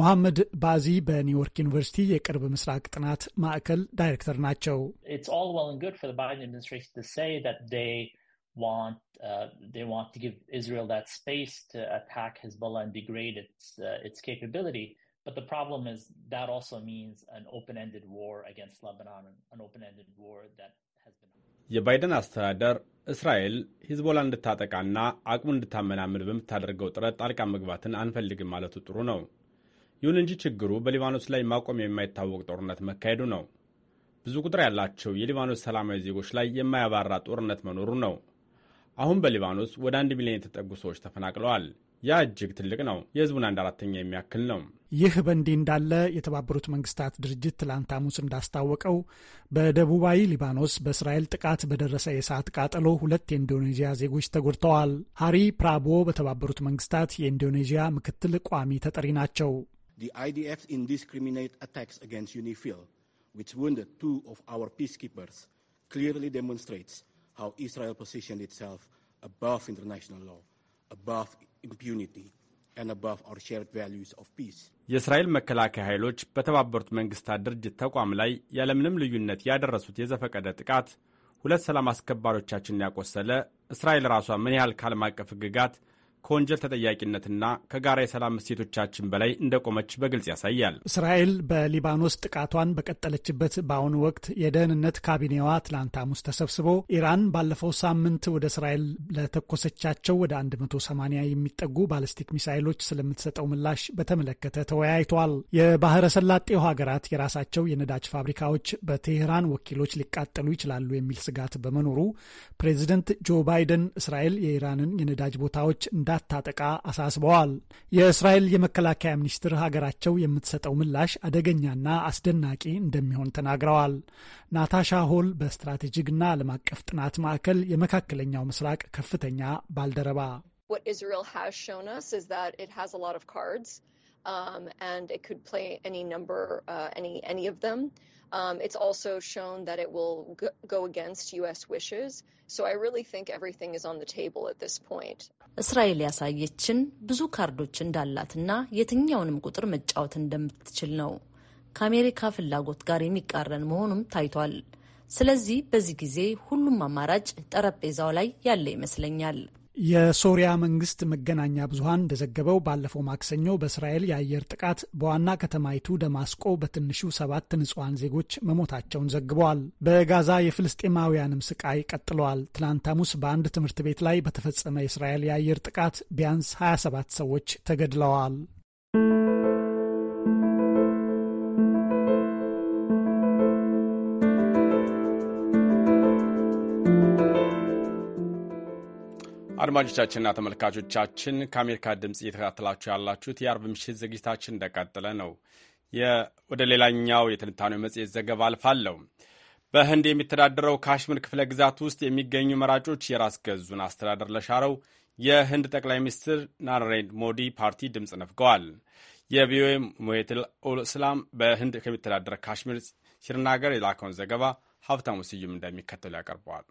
ሞሐመድ ባዚ በኒውዮርክ ዩኒቨርሲቲ የቅርብ ምስራቅ ጥናት ማዕከል ዳይሬክተር ናቸው። want uh, they want to give Israel that space to attack Hezbollah and degrade its uh, its capability. But the problem is that also means an open-ended war against Lebanon, an open-ended war that has been. የባይደን አስተዳደር እስራኤል ሂዝቦላ እንድታጠቃና አቅሙ እንድታመናምን በምታደርገው ጥረት ጣልቃ መግባትን አንፈልግም ማለቱ ጥሩ ነው። ይሁን እንጂ ችግሩ በሊባኖስ ላይ ማቆም የማይታወቅ ጦርነት መካሄዱ ነው። ብዙ ቁጥር ያላቸው የሊባኖስ ሰላማዊ ዜጎች ላይ የማያባራ ጦርነት መኖሩ ነው። አሁን በሊባኖስ ወደ አንድ ሚሊዮን የተጠጉ ሰዎች ተፈናቅለዋል። ያ እጅግ ትልቅ ነው። የህዝቡን አንድ አራተኛ የሚያክል ነው። ይህ በእንዲህ እንዳለ የተባበሩት መንግስታት ድርጅት ትላንት ሐሙስ እንዳስታወቀው በደቡባዊ ሊባኖስ በእስራኤል ጥቃት በደረሰ የእሳት ቃጠሎ ሁለት የኢንዶኔዥያ ዜጎች ተጎድተዋል። ሃሪ ፕራቦ በተባበሩት መንግስታት የኢንዶኔዥያ ምክትል ቋሚ ተጠሪ ናቸው። አይዲኤፍ ኢንዲስክሪሚኔት አታክስ አጋንስት ዩኒፊል ቱ ኦፍ አወር ፒስኪፐርስ ክሊርሊ ዴሞንስትሬትስ how Israel positioned itself above international law, above impunity, and above our shared values of peace. የእስራኤል መከላከያ ኃይሎች በተባበሩት መንግስታት ድርጅት ተቋም ላይ ያለምንም ልዩነት ያደረሱት የዘፈቀደ ጥቃት ሁለት ሰላም አስከባሪዎቻችን ያቆሰለ እስራኤል ራሷ ምን ያህል ከዓለም አቀፍ ሕግጋት ከወንጀል ተጠያቂነትና ከጋራ የሰላም እሴቶቻችን በላይ እንደቆመች በግልጽ ያሳያል። እስራኤል በሊባኖስ ጥቃቷን በቀጠለችበት በአሁኑ ወቅት የደህንነት ካቢኔዋ ትላንት ሐሙስ ተሰብስቦ ኢራን ባለፈው ሳምንት ወደ እስራኤል ለተኮሰቻቸው ወደ 180 የሚጠጉ ባለስቲክ ሚሳይሎች ስለምትሰጠው ምላሽ በተመለከተ ተወያይቷል። የባህረ ሰላጤው ሀገራት የራሳቸው የነዳጅ ፋብሪካዎች በቴህራን ወኪሎች ሊቃጠሉ ይችላሉ የሚል ስጋት በመኖሩ ፕሬዚደንት ጆ ባይደን እስራኤል የኢራንን የነዳጅ ቦታዎች እንዳ እንዳታጠቃ አሳስበዋል። የእስራኤል የመከላከያ ሚኒስትር ሀገራቸው የምትሰጠው ምላሽ አደገኛና አስደናቂ እንደሚሆን ተናግረዋል። ናታሻ ሆል በስትራቴጂክና ዓለም አቀፍ ጥናት ማዕከል የመካከለኛው ምስራቅ ከፍተኛ ባልደረባ Um, it's also shown that it will go against U.S. wishes. So I really think everything is on the table at this point. እስራኤል ያሳየችን ብዙ ካርዶች እንዳላትና የትኛውንም ቁጥር መጫወት እንደምትችል ነው። ከአሜሪካ ፍላጎት ጋር የሚቃረን መሆኑም ታይቷል። ስለዚህ በዚህ ጊዜ ሁሉም አማራጭ ጠረጴዛው ላይ ያለ ይመስለኛል። የሶሪያ መንግስት መገናኛ ብዙሀን እንደዘገበው ባለፈው ማክሰኞ በእስራኤል የአየር ጥቃት በዋና ከተማይቱ ደማስቆ በትንሹ ሰባት ንጹሐን ዜጎች መሞታቸውን ዘግበዋል። በጋዛ የፍልስጤማውያንም ስቃይ ቀጥለዋል። ትናንት ሐሙስ በአንድ ትምህርት ቤት ላይ በተፈጸመ የእስራኤል የአየር ጥቃት ቢያንስ 27 ሰዎች ተገድለዋል። አድማጮቻችንና ተመልካቾቻችን ከአሜሪካ ድምፅ እየተከታተላችሁ ያላችሁት የአርብ ምሽት ዝግጅታችን እንደቀጠለ ነው። ወደ ሌላኛው የትንታኔው መጽሔት ዘገባ አልፋለሁ። በህንድ የሚተዳደረው ካሽሚር ክፍለ ግዛት ውስጥ የሚገኙ መራጮች የራስ ገዙን አስተዳደር ለሻረው የህንድ ጠቅላይ ሚኒስትር ናሬንድ ሞዲ ፓርቲ ድምፅ ነፍገዋል። የቪኦኤ ሙሄትል ኡልስላም በህንድ ከሚተዳደር ካሽሚር ሲሪናገር የላከውን ዘገባ ሀብታሙ ስዩም እንደሚከተሉ ያቀርበዋል።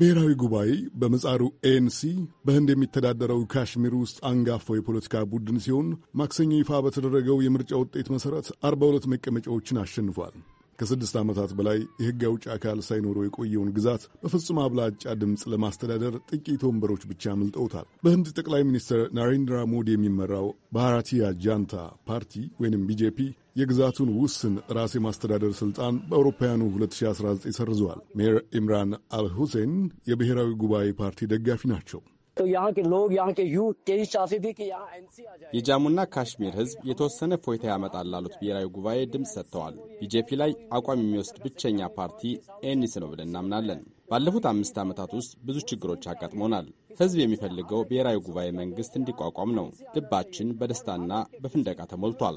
ብሔራዊ ጉባኤ በመጻሩ ኤንሲ በህንድ የሚተዳደረው ካሽሚር ውስጥ አንጋፋው የፖለቲካ ቡድን ሲሆን ማክሰኞ ይፋ በተደረገው የምርጫ ውጤት መሠረት 42 መቀመጫዎችን አሸንፏል። ከስድስት ዓመታት በላይ የሕግ አውጭ አካል ሳይኖረው የቆየውን ግዛት በፍጹም አብላጫ ድምፅ ለማስተዳደር ጥቂት ወንበሮች ብቻ አምልጠውታል። በህንድ ጠቅላይ ሚኒስትር ናሬንድራ ሞዲ የሚመራው ባህራቲያ ጃንታ ፓርቲ ወይንም ቢጄፒ የግዛቱን ውስን ራስ የማስተዳደር ስልጣን በአውሮፓውያኑ 2019 ሰርዘዋል። ሜር ኢምራን አል ሁሴን የብሔራዊ ጉባኤ ፓርቲ ደጋፊ ናቸው። የጃሙና ካሽሚር ሕዝብ የተወሰነ ፎይታ ያመጣል ላሉት ብሔራዊ ጉባኤ ድምፅ ሰጥተዋል። ቢጄፒ ላይ አቋም የሚወስድ ብቸኛ ፓርቲ ኤኒስ ነው ብለን እናምናለን። ባለፉት አምስት ዓመታት ውስጥ ብዙ ችግሮች አጋጥሞናል። ህዝብ የሚፈልገው ብሔራዊ ጉባኤ መንግሥት እንዲቋቋም ነው። ልባችን በደስታና በፍንደቃ ተሞልቷል።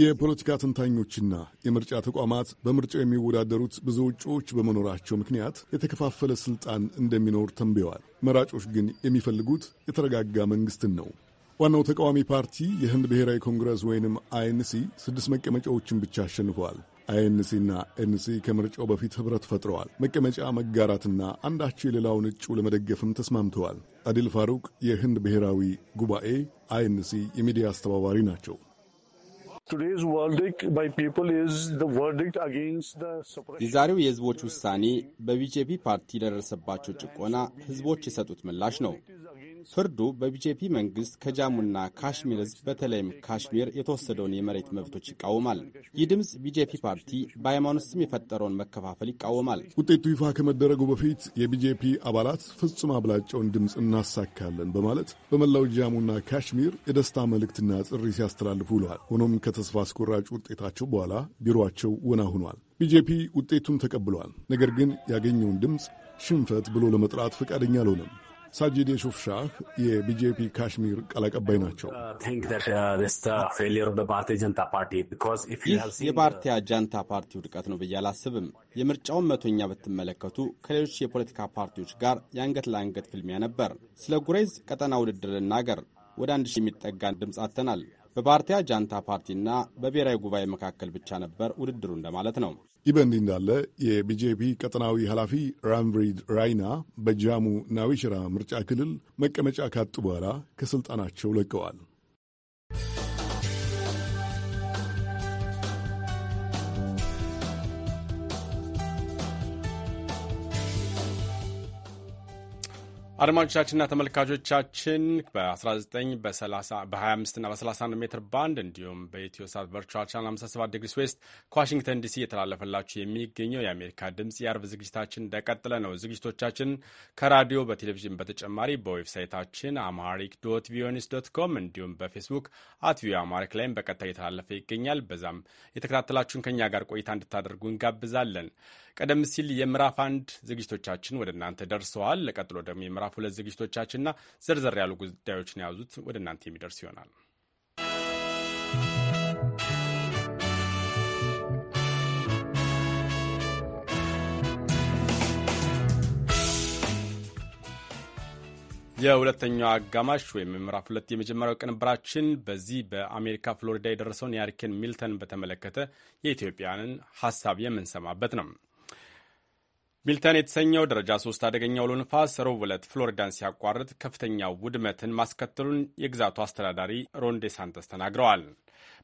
የፖለቲካ ተንታኞችና የምርጫ ተቋማት በምርጫው የሚወዳደሩት ብዙ እጩዎች በመኖራቸው ምክንያት የተከፋፈለ ስልጣን እንደሚኖር ተንብየዋል። መራጮች ግን የሚፈልጉት የተረጋጋ መንግስትን ነው። ዋናው ተቃዋሚ ፓርቲ የህንድ ብሔራዊ ኮንግረስ ወይንም አይንሲ ስድስት መቀመጫዎችን ብቻ አሸንፈዋል። አይንሲና ኤንሲ ከምርጫው በፊት ኅብረት ፈጥረዋል። መቀመጫ መጋራትና አንዳቸው የሌላውን እጩ ለመደገፍም ተስማምተዋል። አዲል ፋሩቅ የህንድ ብሔራዊ ጉባኤ አይንሲ የሚዲያ አስተባባሪ ናቸው። የዛሬው የህዝቦች ውሳኔ በቢጄፒ ፓርቲ ለደረሰባቸው ጭቆና ህዝቦች የሰጡት ምላሽ ነው። ፍርዱ በቢጄፒ መንግስት ከጃሙና ካሽሚር ህዝብ በተለይም ካሽሚር የተወሰደውን የመሬት መብቶች ይቃወማል። ይህ ድምፅ ቢጄፒ ፓርቲ በሃይማኖት ስም የፈጠረውን መከፋፈል ይቃወማል። ውጤቱ ይፋ ከመደረጉ በፊት የቢጄፒ አባላት ፍጹም አብላጫውን ድምፅ እናሳካለን በማለት በመላው ጃሙና ካሽሚር የደስታ መልእክትና ጥሪ ሲያስተላልፉ ውለዋል። ሆኖም ከተስፋ አስቆራጭ ውጤታቸው በኋላ ቢሮአቸው ወና ሆኗል። ቢጄፒ ውጤቱን ተቀብሏል። ነገር ግን ያገኘውን ድምፅ ሽንፈት ብሎ ለመጥራት ፈቃደኛ አልሆነም። ሳጂድ የሹፍ ሻህ የቢጄፒ ካሽሚር ቃል አቀባይ ናቸው። uh, uh, uh, ይህ የፓርቲ አጃንታ ፓርቲ ውድቀት ነው ብዬ አላስብም። የምርጫውን መቶኛ ብትመለከቱ ከሌሎች የፖለቲካ ፓርቲዎች ጋር የአንገት ለአንገት ፍልሚያ ነበር። ስለ ጉሬዝ ቀጠና ውድድር ልናገር። ወደ አንድ ሺህ የሚጠጋን ድምፅ አጥተናል። በፓርቲያ ጃንታ ፓርቲና በብሔራዊ ጉባኤ መካከል ብቻ ነበር ውድድሩ እንደማለት ነው። ይህ በእንዲህ እንዳለ የቢጄፒ ቀጠናዊ ኃላፊ ራምቪድ ራይና በጃሙ ናዊሽራ ምርጫ ክልል መቀመጫ ካጡ በኋላ ከስልጣናቸው ለቀዋል። አድማጮቻችንና ተመልካቾቻችን በ19 በ25 እና በ31 ሜትር ባንድ እንዲሁም በኢትዮ ሳት ቨርቹዋል ቻናል 57 ዲግሪ ስዌስት ከዋሽንግተን ዲሲ እየተላለፈላችሁ የሚገኘው የአሜሪካ ድምፅ የአርብ ዝግጅታችን እንደቀጥለ ነው። ዝግጅቶቻችን ከራዲዮ በቴሌቪዥን በተጨማሪ በዌብሳይታችን አማሪክ ዶት ቪኦኤ ዶት ኮም እንዲሁም በፌስቡክ አት ቪኦኤ አማሪክ ላይም በቀጥታ እየተላለፈ ይገኛል። በዛም የተከታተላችሁን ከእኛ ጋር ቆይታ እንድታደርጉ እንጋብዛለን። ቀደም ሲል የምዕራፍ አንድ ዝግጅቶቻችን ወደ እናንተ ደርሰዋል። ቀጥሎ ደግሞ ምዕራፍ ሁለት ዝግጅቶቻችንና ዘርዘር ያሉ ጉዳዮችን የያዙት ወደ እናንተ የሚደርስ ይሆናል። የሁለተኛው አጋማሽ ወይም ምዕራፍ ሁለት የመጀመሪያው ቅንብራችን በዚህ በአሜሪካ ፍሎሪዳ የደረሰውን የሃሪኬን ሚልተን በተመለከተ የኢትዮጵያንን ሀሳብ የምንሰማበት ነው። ሚልተን የተሰኘው ደረጃ ሶስት አደገኛ አውሎ ንፋስ ረቡዕ ዕለት ፍሎሪዳን ሲያቋርጥ ከፍተኛ ውድመትን ማስከተሉን የግዛቱ አስተዳዳሪ ሮንዴ ሳንተስ ተናግረዋል።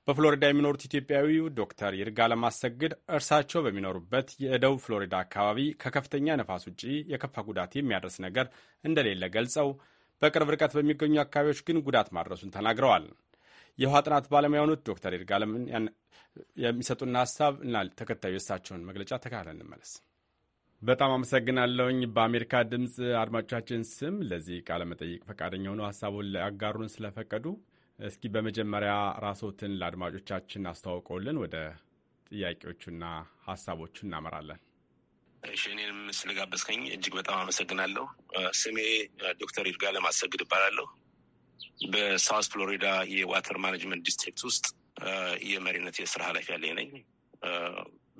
በፍሎሪዳ የሚኖሩት ኢትዮጵያዊው ዶክተር ይርጋ ለማሰግድ እርሳቸው በሚኖሩበት የደቡብ ፍሎሪዳ አካባቢ ከከፍተኛ ነፋስ ውጪ የከፋ ጉዳት የሚያደርስ ነገር እንደሌለ ገልጸው በቅርብ ርቀት በሚገኙ አካባቢዎች ግን ጉዳት ማድረሱን ተናግረዋል። የውሃ ጥናት ባለሙያ የሆኑት ዶክተር ለምን የሚሰጡን ሀሳብ እና ተከታዩ የእሳቸውን መግለጫ ተካለ እንመለስ። በጣም አመሰግናለሁኝ። በአሜሪካ ድምፅ አድማጮቻችን ስም ለዚህ ቃለ መጠይቅ ፈቃደኛ ሆኖ ሀሳቡን ሊያጋሩን ስለፈቀዱ እስኪ በመጀመሪያ ራስዎትን ለአድማጮቻችን አስተዋውቀውልን ወደ ጥያቄዎቹና ሀሳቦቹ እናመራለን። እሺ፣ እኔንም ስለጋበዝከኝ እጅግ በጣም አመሰግናለሁ። ስሜ ዶክተር ይርጋለም ለማሰግድ ይባላለሁ። በሳውስ ፍሎሪዳ የዋተር ማኔጅመንት ዲስትሪክት ውስጥ የመሪነት የስራ ኃላፊ ያለኝ ነኝ።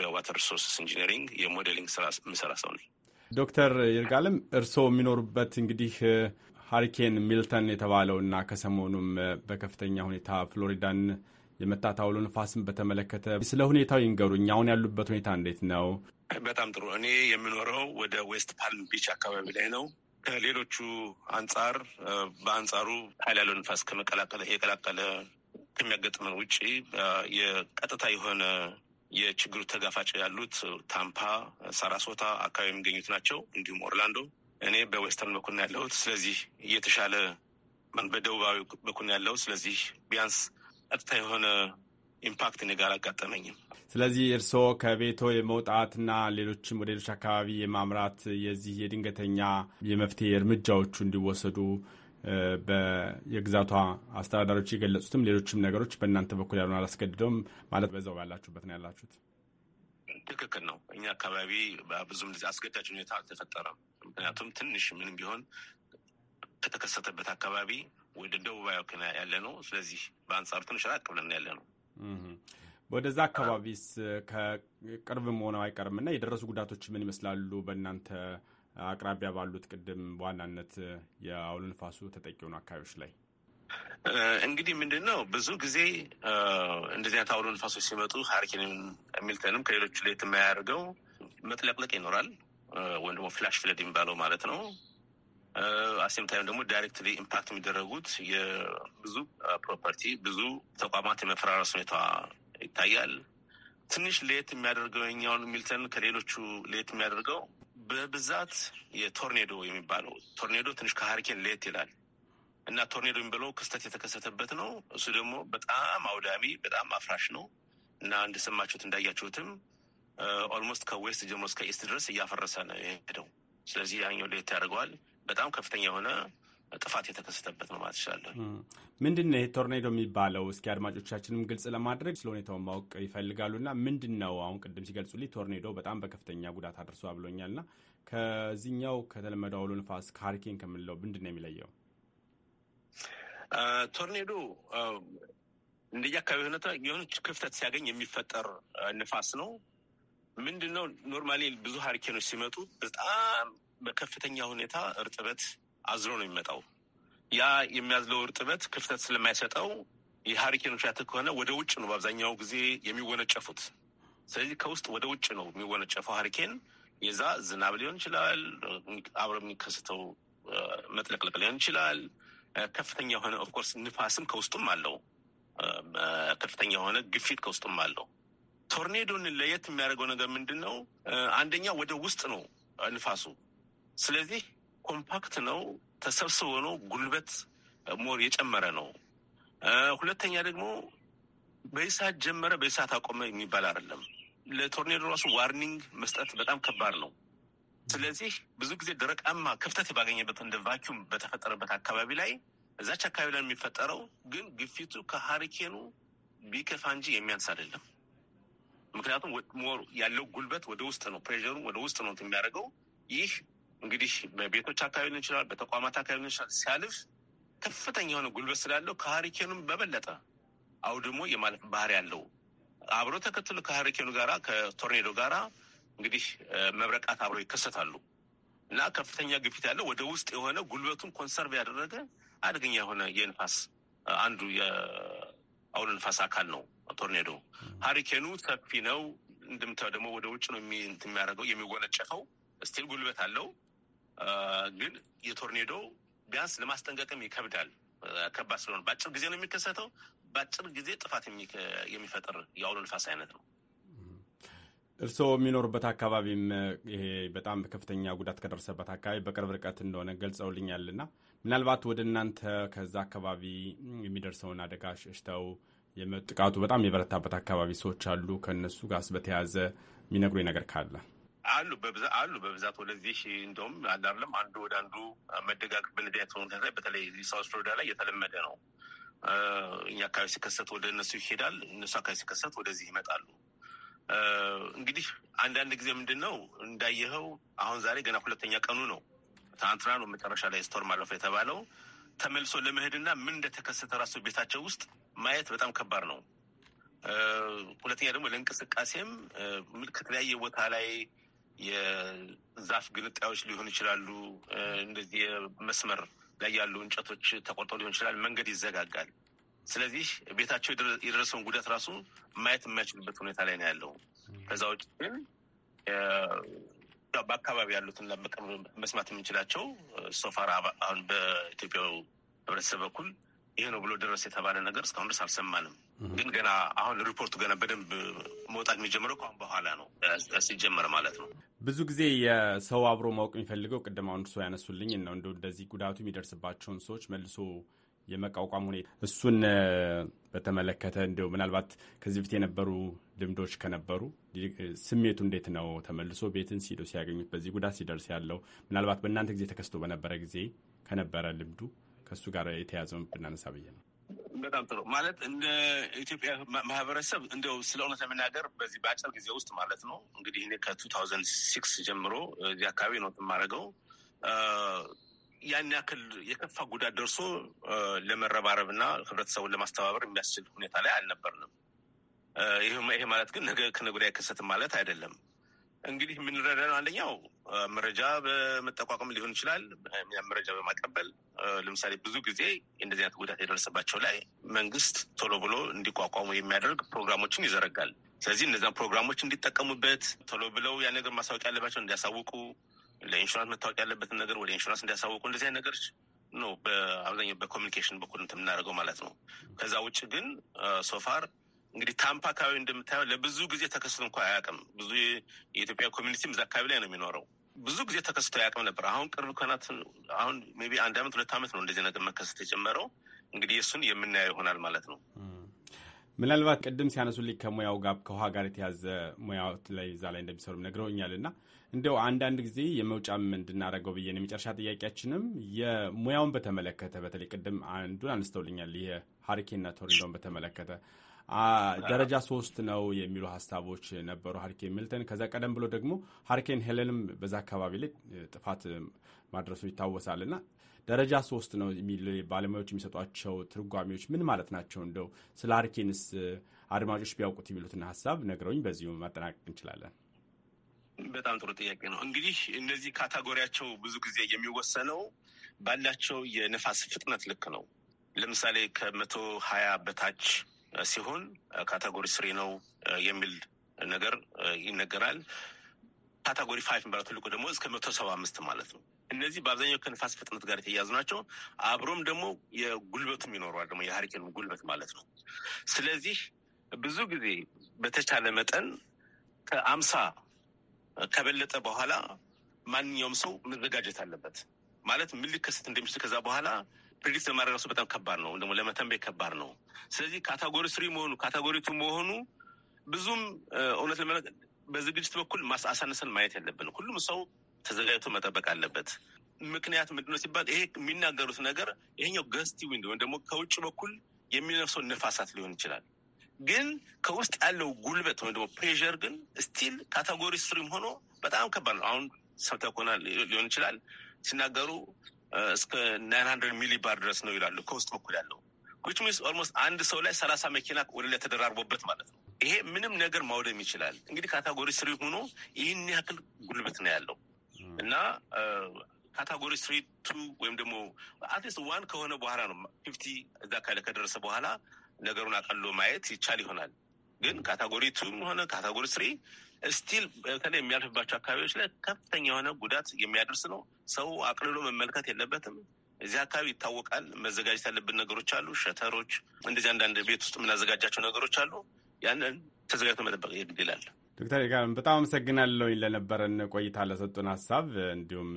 በዋተር ሪሶርስስ ኢንጂነሪንግ የሞዴሊንግ ስራ የምሰራ ሰው ነኝ። ዶክተር ይርጋለም እርስዎ የሚኖሩበት እንግዲህ ሀሪኬን ሚልተን የተባለውና ከሰሞኑም በከፍተኛ ሁኔታ ፍሎሪዳን የመታት አውሎ ንፋስን በተመለከተ ስለ ሁኔታው ይንገሩኝ። አሁን ያሉበት ሁኔታ እንዴት ነው? በጣም ጥሩ። እኔ የምኖረው ወደ ዌስት ፓልም ቢች አካባቢ ላይ ነው። ከሌሎቹ አንጻር በአንጻሩ ኃይል ያለው ንፋስ ከመቀላቀለ የቀላቀለ ከሚያጋጥመን ውጭ የቀጥታ የሆነ የችግሩ ተጋፋጭ ያሉት ታምፓ፣ ሳራሶታ አካባቢ የሚገኙት ናቸው። እንዲሁም ኦርላንዶ። እኔ በዌስተርን በኩል ያለሁት። ስለዚህ እየተሻለ በደቡባዊ በኩል ያለው ስለዚህ ቢያንስ ቀጥታ የሆነ ኢምፓክት እኔ ጋር አጋጠመኝም። ስለዚህ እርስዎ ከቤቶ የመውጣትና ሌሎችም ወደ ሌሎች አካባቢ የማምራት የዚህ የድንገተኛ የመፍትሄ እርምጃዎቹ እንዲወሰዱ የግዛቷ አስተዳዳሪዎች የገለጹትም ሌሎችም ነገሮች በእናንተ በኩል ያሉን አላስገድደውም ማለት በዛው ባላችሁበት ነው ያላችሁት። ትክክል ነው። እኛ አካባቢ ብዙም አስገዳጅ ሁኔታ አልተፈጠረም። ምክንያቱም ትንሽ ምንም ቢሆን ከተከሰተበት አካባቢ ወደ ደቡባዊ ክና ያለ ነው። ስለዚህ በአንጻሩ ትንሽ ራቅ ብለን ያለ ነው። ወደዛ አካባቢስ ከቅርብ መሆነው አይቀርም እና የደረሱ ጉዳቶች ምን ይመስላሉ በእናንተ አቅራቢያ ባሉት ቅድም በዋናነት የአውሎ ንፋሱ ተጠቂ የሆኑ አካባቢዎች ላይ እንግዲህ ምንድን ነው ብዙ ጊዜ እንደዚህ አይነት አውሎ ንፋሶች ሲመጡ ሀሪኬንም ሚልተንም ከሌሎቹ ለየት የማያደርገው መጥለቅለቅ ይኖራል፣ ወይም ደግሞ ፍላሽ ፍለድ የሚባለው ማለት ነው። አሴም ታይም ደግሞ ዳይሬክትሊ ኢምፓክት የሚደረጉት የብዙ ፕሮፐርቲ ብዙ ተቋማት የመፈራረስ ሁኔታ ይታያል። ትንሽ ለየት የሚያደርገው የኛውን ሚልተን ከሌሎቹ ለየት የሚያደርገው በብዛት የቶርኔዶ የሚባለው ቶርኔዶ ትንሽ ከሀሪኬን ለየት ይላል እና ቶርኔዶ የሚባለው ክስተት የተከሰተበት ነው። እሱ ደግሞ በጣም አውዳሚ፣ በጣም አፍራሽ ነው እና እንደሰማችሁት እንዳያችሁትም ኦልሞስት ከዌስት ጀምሮ እስከ ኢስት ድረስ እያፈረሰ ነው የሄደው። ስለዚህ ያኛው ለየት ያደርገዋል። በጣም ከፍተኛ የሆነ ጥፋት የተከሰተበት ነው ማለት ይችላለሁ። ምንድን ነው ቶርኔዶ የሚባለው? እስኪ አድማጮቻችንም ግልጽ ለማድረግ ስለ ሁኔታውን ማወቅ ይፈልጋሉና ምንድን ነው አሁን ቅድም ሲገልጹልኝ ቶርኔዶ በጣም በከፍተኛ ጉዳት አድርሶ ብሎኛልና ከዚህኛው ከተለመደው አውሎ ንፋስ ከሀሪኬን ከምንለው ምንድን ነው የሚለየው? ቶርኔዶ እንደየ አካባቢ ሁኔታ የሆነች ክፍተት ሲያገኝ የሚፈጠር ንፋስ ነው። ምንድን ነው ኖርማሊ ብዙ ሀሪኬኖች ሲመጡ በጣም በከፍተኛ ሁኔታ እርጥበት አዝሎ ነው የሚመጣው። ያ የሚያዝለው እርጥበት ክፍተት ስለማይሰጠው የሀሪኬን ውሻት ከሆነ ወደ ውጭ ነው በአብዛኛው ጊዜ የሚወነጨፉት። ስለዚህ ከውስጥ ወደ ውጭ ነው የሚወነጨፈው ሀሪኬን። የዛ ዝናብ ሊሆን ይችላል፣ አብረ የሚከሰተው መጥለቅለቅ ሊሆን ይችላል። ከፍተኛ የሆነ ኦፍኮርስ ንፋስም ከውስጡም አለው፣ ከፍተኛ የሆነ ግፊት ከውስጡም አለው። ቶርኔዶን ለየት የሚያደርገው ነገር ምንድን ነው? አንደኛ ወደ ውስጥ ነው ንፋሱ። ስለዚህ ኮምፓክት ነው፣ ተሰብስቦ ነው፣ ጉልበት ሞር የጨመረ ነው። ሁለተኛ ደግሞ በይሳት ጀመረ በይሳት አቆመ የሚባል አይደለም። ለቶርኔዶ ራሱ ዋርኒንግ መስጠት በጣም ከባድ ነው። ስለዚህ ብዙ ጊዜ ደረቃማ ክፍተት ባገኘበት እንደ ቫኪዩም በተፈጠረበት አካባቢ ላይ እዛች አካባቢ ላይ የሚፈጠረው ግን ግፊቱ ከሀሪኬኑ ቢከፋ እንጂ የሚያንስ አይደለም። ምክንያቱም ሞር ያለው ጉልበት ወደ ውስጥ ነው፣ ፕሬሩ ወደ ውስጥ ነው የሚያደርገው። ይህ እንግዲህ በቤቶች አካባቢ ሊሆን ይችላል፣ በተቋማት አካባቢ ሊሆን ይችላል። ሲያልፍ ከፍተኛ የሆነ ጉልበት ስላለው ከሀሪኬኑም በበለጠ አውድሞ የማለፍ ባህሪ ያለው አብሮ ተከትሎ ከሀሪኬኑ ጋራ ከቶርኔዶ ጋራ እንግዲህ መብረቃት አብረው ይከሰታሉ እና ከፍተኛ ግፊት ያለው ወደ ውስጥ የሆነ ጉልበቱን ኮንሰርቭ ያደረገ አደገኛ የሆነ የንፋስ አንዱ የአውሎ ንፋስ አካል ነው ቶርኔዶ። ሀሪኬኑ ሰፊ ነው። እንድምታው ደግሞ ወደ ውጭ ነው የሚያደርገው የሚወነጨፈው። ስቲል ጉልበት አለው። ግን የቶርኔዶ ቢያንስ ለማስጠንቀቅም ይከብዳል። ከባድ ስለሆነ በአጭር ጊዜ ነው የሚከሰተው። በአጭር ጊዜ ጥፋት የሚፈጥር የአውሎ ንፋስ አይነት ነው። እርስዎ የሚኖሩበት አካባቢም ይሄ በጣም ከፍተኛ ጉዳት ከደረሰበት አካባቢ በቅርብ ርቀት እንደሆነ ገልጸውልኛል ምናልባት ወደ እናንተ ከዛ አካባቢ የሚደርሰውን አደጋ ሸሽተው የመጥቃቱ በጣም የበረታበት አካባቢ ሰዎች አሉ። ከእነሱ ጋርስ በተያያዘ የሚነግሩኝ ነገር ካለ አሉ በብዛት አሉ በብዛት ወደዚህ እንደውም አላለም አንዱ ወደ አንዱ መደጋገፍ በነዚህ አይነት ሁኔታ በተለይ ሳውዝ ፍሎሪዳ ላይ የተለመደ ነው። እኛ አካባቢ ሲከሰት ወደ እነሱ ይሄዳል፣ እነሱ አካባቢ ሲከሰት ወደዚህ ይመጣሉ። እንግዲህ አንዳንድ ጊዜ ምንድን ነው እንዳየኸው አሁን ዛሬ ገና ሁለተኛ ቀኑ ነው። ትናንትና ነው መጨረሻ ላይ ስቶር ማለፍ የተባለው ተመልሶ ለመሄድና ምን እንደተከሰተ ራሱ ቤታቸው ውስጥ ማየት በጣም ከባድ ነው። ሁለተኛ ደግሞ ለእንቅስቃሴም ከተለያየ ቦታ ላይ የዛፍ ግንጣዮች ሊሆኑ ይችላሉ። እንደዚህ የመስመር ላይ ያሉ እንጨቶች ተቆርጠው ሊሆን ይችላል። መንገድ ይዘጋጋል። ስለዚህ ቤታቸው የደረሰውን ጉዳት ራሱ ማየት የማይችሉበት ሁኔታ ላይ ነው ያለው። ከዛ ውጭ ግን በአካባቢ ያሉትና መስማት የምንችላቸው ሶፋር አሁን በኢትዮጵያው ህብረተሰብ በኩል ይሄ ነው ብሎ ደረስ የተባለ ነገር እስካሁን ድረስ አልሰማንም። ግን ገና አሁን ሪፖርቱ ገና በደንብ መውጣት የሚጀምረው ከአሁን በኋላ ነው ሲጀመር ማለት ነው። ብዙ ጊዜ የሰው አብሮ ማወቅ የሚፈልገው ቅድም አሁን እርስዎ ያነሱልኝ ነው እንደ እንደዚህ ጉዳቱ የሚደርስባቸውን ሰዎች መልሶ የመቋቋም ሁኔታ እሱን በተመለከተ እንዲሁ ምናልባት ከዚህ በፊት የነበሩ ልምዶች ከነበሩ ስሜቱ እንዴት ነው? ተመልሶ ቤትን ሲሉ ሲያገኙት በዚህ ጉዳት ሲደርስ ያለው ምናልባት በእናንተ ጊዜ ተከስቶ በነበረ ጊዜ ከነበረ ልምዱ ከእሱ ጋር የተያዘውን ብናነሳ ብዬ ነው። በጣም ጥሩ ማለት እንደ ኢትዮጵያ ማህበረሰብ እንደው ስለ እውነት ለመናገር በዚህ በአጭር ጊዜ ውስጥ ማለት ነው እንግዲህ እኔ ከቱ ታውዘንድ ሲክስ ጀምሮ እዚህ አካባቢ ነው የማደርገው ያን ያክል የከፋ ጉዳት ደርሶ ለመረባረብ እና ህብረተሰቡን ለማስተባበር የሚያስችል ሁኔታ ላይ አልነበርንም። ይሄ ማለት ግን ነገ ከነገ ወዲያ አይከሰትም ማለት አይደለም። እንግዲህ ነው። አንደኛው መረጃ በመጠቋቋም ሊሆን ይችላል። መረጃ በማቀበል ለምሳሌ ብዙ ጊዜ እንደዚህ አይነት ጉዳት የደረሰባቸው ላይ መንግስት ቶሎ ብሎ እንዲቋቋሙ የሚያደርግ ፕሮግራሞችን ይዘረጋል። ስለዚህ እነዚያን ፕሮግራሞች እንዲጠቀሙበት ቶሎ ብለው ያ ነገር ማሳወቅ ያለባቸው እንዲያሳውቁ፣ ለኢንሹራንስ መታወቅ ያለበትን ነገር ወደ ኢንሹራንስ እንዲያሳውቁ እንደዚህ አይነት ነገሮች ነው በአብዛኛው በኮሚኒኬሽን በኩል የምናደርገው ማለት ነው። ከዛ ውጭ ግን ሶፋር እንግዲህ ታምፓ አካባቢ እንደምታየው ለብዙ ጊዜ ተከስቶ እንኳ አያውቅም። ብዙ የኢትዮጵያ ኮሚኒቲም እዛ አካባቢ ላይ ነው የሚኖረው። ብዙ ጊዜ ተከስቶ አያውቅም ነበር። አሁን ቅርብ ከናት አሁን ሜይ ቢ አንድ አመት ሁለት አመት ነው እንደዚህ ነገር መከሰት የጀመረው። እንግዲህ እሱን የምናየው ይሆናል ማለት ነው። ምናልባት ቅድም ሲያነሱልኝ ከሙያው ጋር ከውሃ ጋር የተያዘ ሙያዎት ላይ እዛ ላይ እንደሚሰሩም ነግረውኛል። እና እንደው አንዳንድ ጊዜ የመውጫ እንድናደርገው ብዬን የመጨረሻ ጥያቄያችንም የሙያውን በተመለከተ በተለይ ቅድም አንዱን አንስተውልኛል ይሄ ሀሪኬንና ቶርናዶን በተመለከተ ደረጃ ሶስት ነው የሚሉ ሀሳቦች ነበሩ። ሀሪኬን ሚልተን ከዛ ቀደም ብሎ ደግሞ ሀሪኬን ሄለንም በዛ አካባቢ ላይ ጥፋት ማድረሱ ይታወሳል እና ደረጃ ሶስት ነው የሚል ባለሙያዎች የሚሰጧቸው ትርጓሚዎች ምን ማለት ናቸው? እንደው ስለ ሀሪኬንስ አድማጮች ቢያውቁት የሚሉትን ሀሳብ ነግረውኝ በዚሁ ማጠናቀቅ እንችላለን። በጣም ጥሩ ጥያቄ ነው። እንግዲህ እነዚህ ካታጎሪያቸው ብዙ ጊዜ የሚወሰነው ባላቸው የነፋስ ፍጥነት ልክ ነው። ለምሳሌ ከመቶ ሀያ በታች ሲሆን ካታጎሪ ስሪ ነው የሚል ነገር ይነገራል። ካታጎሪ ፋይቭ የሚባለው ትልቁ ደግሞ እስከ መቶ ሰባ አምስት ማለት ነው። እነዚህ በአብዛኛው ከንፋስ ፍጥነት ጋር የተያያዙ ናቸው። አብሮም ደግሞ የጉልበቱም ይኖረዋል ደግሞ የሀሪኬኑ ጉልበት ማለት ነው። ስለዚህ ብዙ ጊዜ በተቻለ መጠን ከአምሳ ከበለጠ በኋላ ማንኛውም ሰው መዘጋጀት አለበት ማለት ምን ሊከሰት እንደሚችል ከዛ በኋላ ፕሪዲክት ለማድረግ በጣም ከባድ ነው፣ ደግሞ ለመተንበይ ከባድ ነው። ስለዚህ ካታጎሪ ስሪ መሆኑ ካታጎሪ ቱ መሆኑ ብዙም እውነት ለመ በዝግጅት በኩል ማሳነሰን ማየት የለብንም። ሁሉም ሰው ተዘጋጅቶ መጠበቅ አለበት። ምክንያት ምንድነው ሲባል ይሄ የሚናገሩት ነገር ይሄኛው ገስቲ ዊንድ ወይም ደግሞ ከውጭ በኩል የሚነፍሰው ነፋሳት ሊሆን ይችላል። ግን ከውስጥ ያለው ጉልበት ወይም ደግሞ ፕሬር ግን ስቲል ካታጎሪ ስሪም ሆኖ በጣም ከባድ ነው። አሁን ሰብተኮና ሊሆን ይችላል ሲናገሩ እስከ ናይን ሀንድረድ ሚሊ ባር ድረስ ነው ይላሉ ከውስጥ በኩል ያለው ዊች ሚንስ ኦልሞስት አንድ ሰው ላይ ሰላሳ መኪና ወደ ላይ ተደራርቦበት ማለት ነው። ይሄ ምንም ነገር ማውደም ይችላል። እንግዲህ ካታጎሪ ስሪ ሆኖ ይህን ያክል ጉልበት ነው ያለው እና ካታጎሪ ስሪ ቱ ወይም ደግሞ አትሊስት ዋን ከሆነ በኋላ ነው ፊፍቲ እዛ ካለ ከደረሰ በኋላ ነገሩን አቀሎ ማየት ይቻል ይሆናል። ግን ካታጎሪ ቱ ሆነ ካታጎሪ ስሪ ስቲል በተለይ የሚያልፍባቸው አካባቢዎች ላይ ከፍተኛ የሆነ ጉዳት የሚያደርስ ነው። ሰው አቅልሎ መመልከት የለበትም። እዚህ አካባቢ ይታወቃል። መዘጋጀት ያለብን ነገሮች አሉ። ሸተሮች፣ እንደዚህ አንዳንድ ቤት ውስጥ የምናዘጋጃቸው ነገሮች አሉ። ያንን ተዘጋጅቶ መጠበቅ ይላል። ዶክተር ቃም በጣም አመሰግናለሁ ለነበረን ቆይታ፣ ለሰጡን ሀሳብ እንዲሁም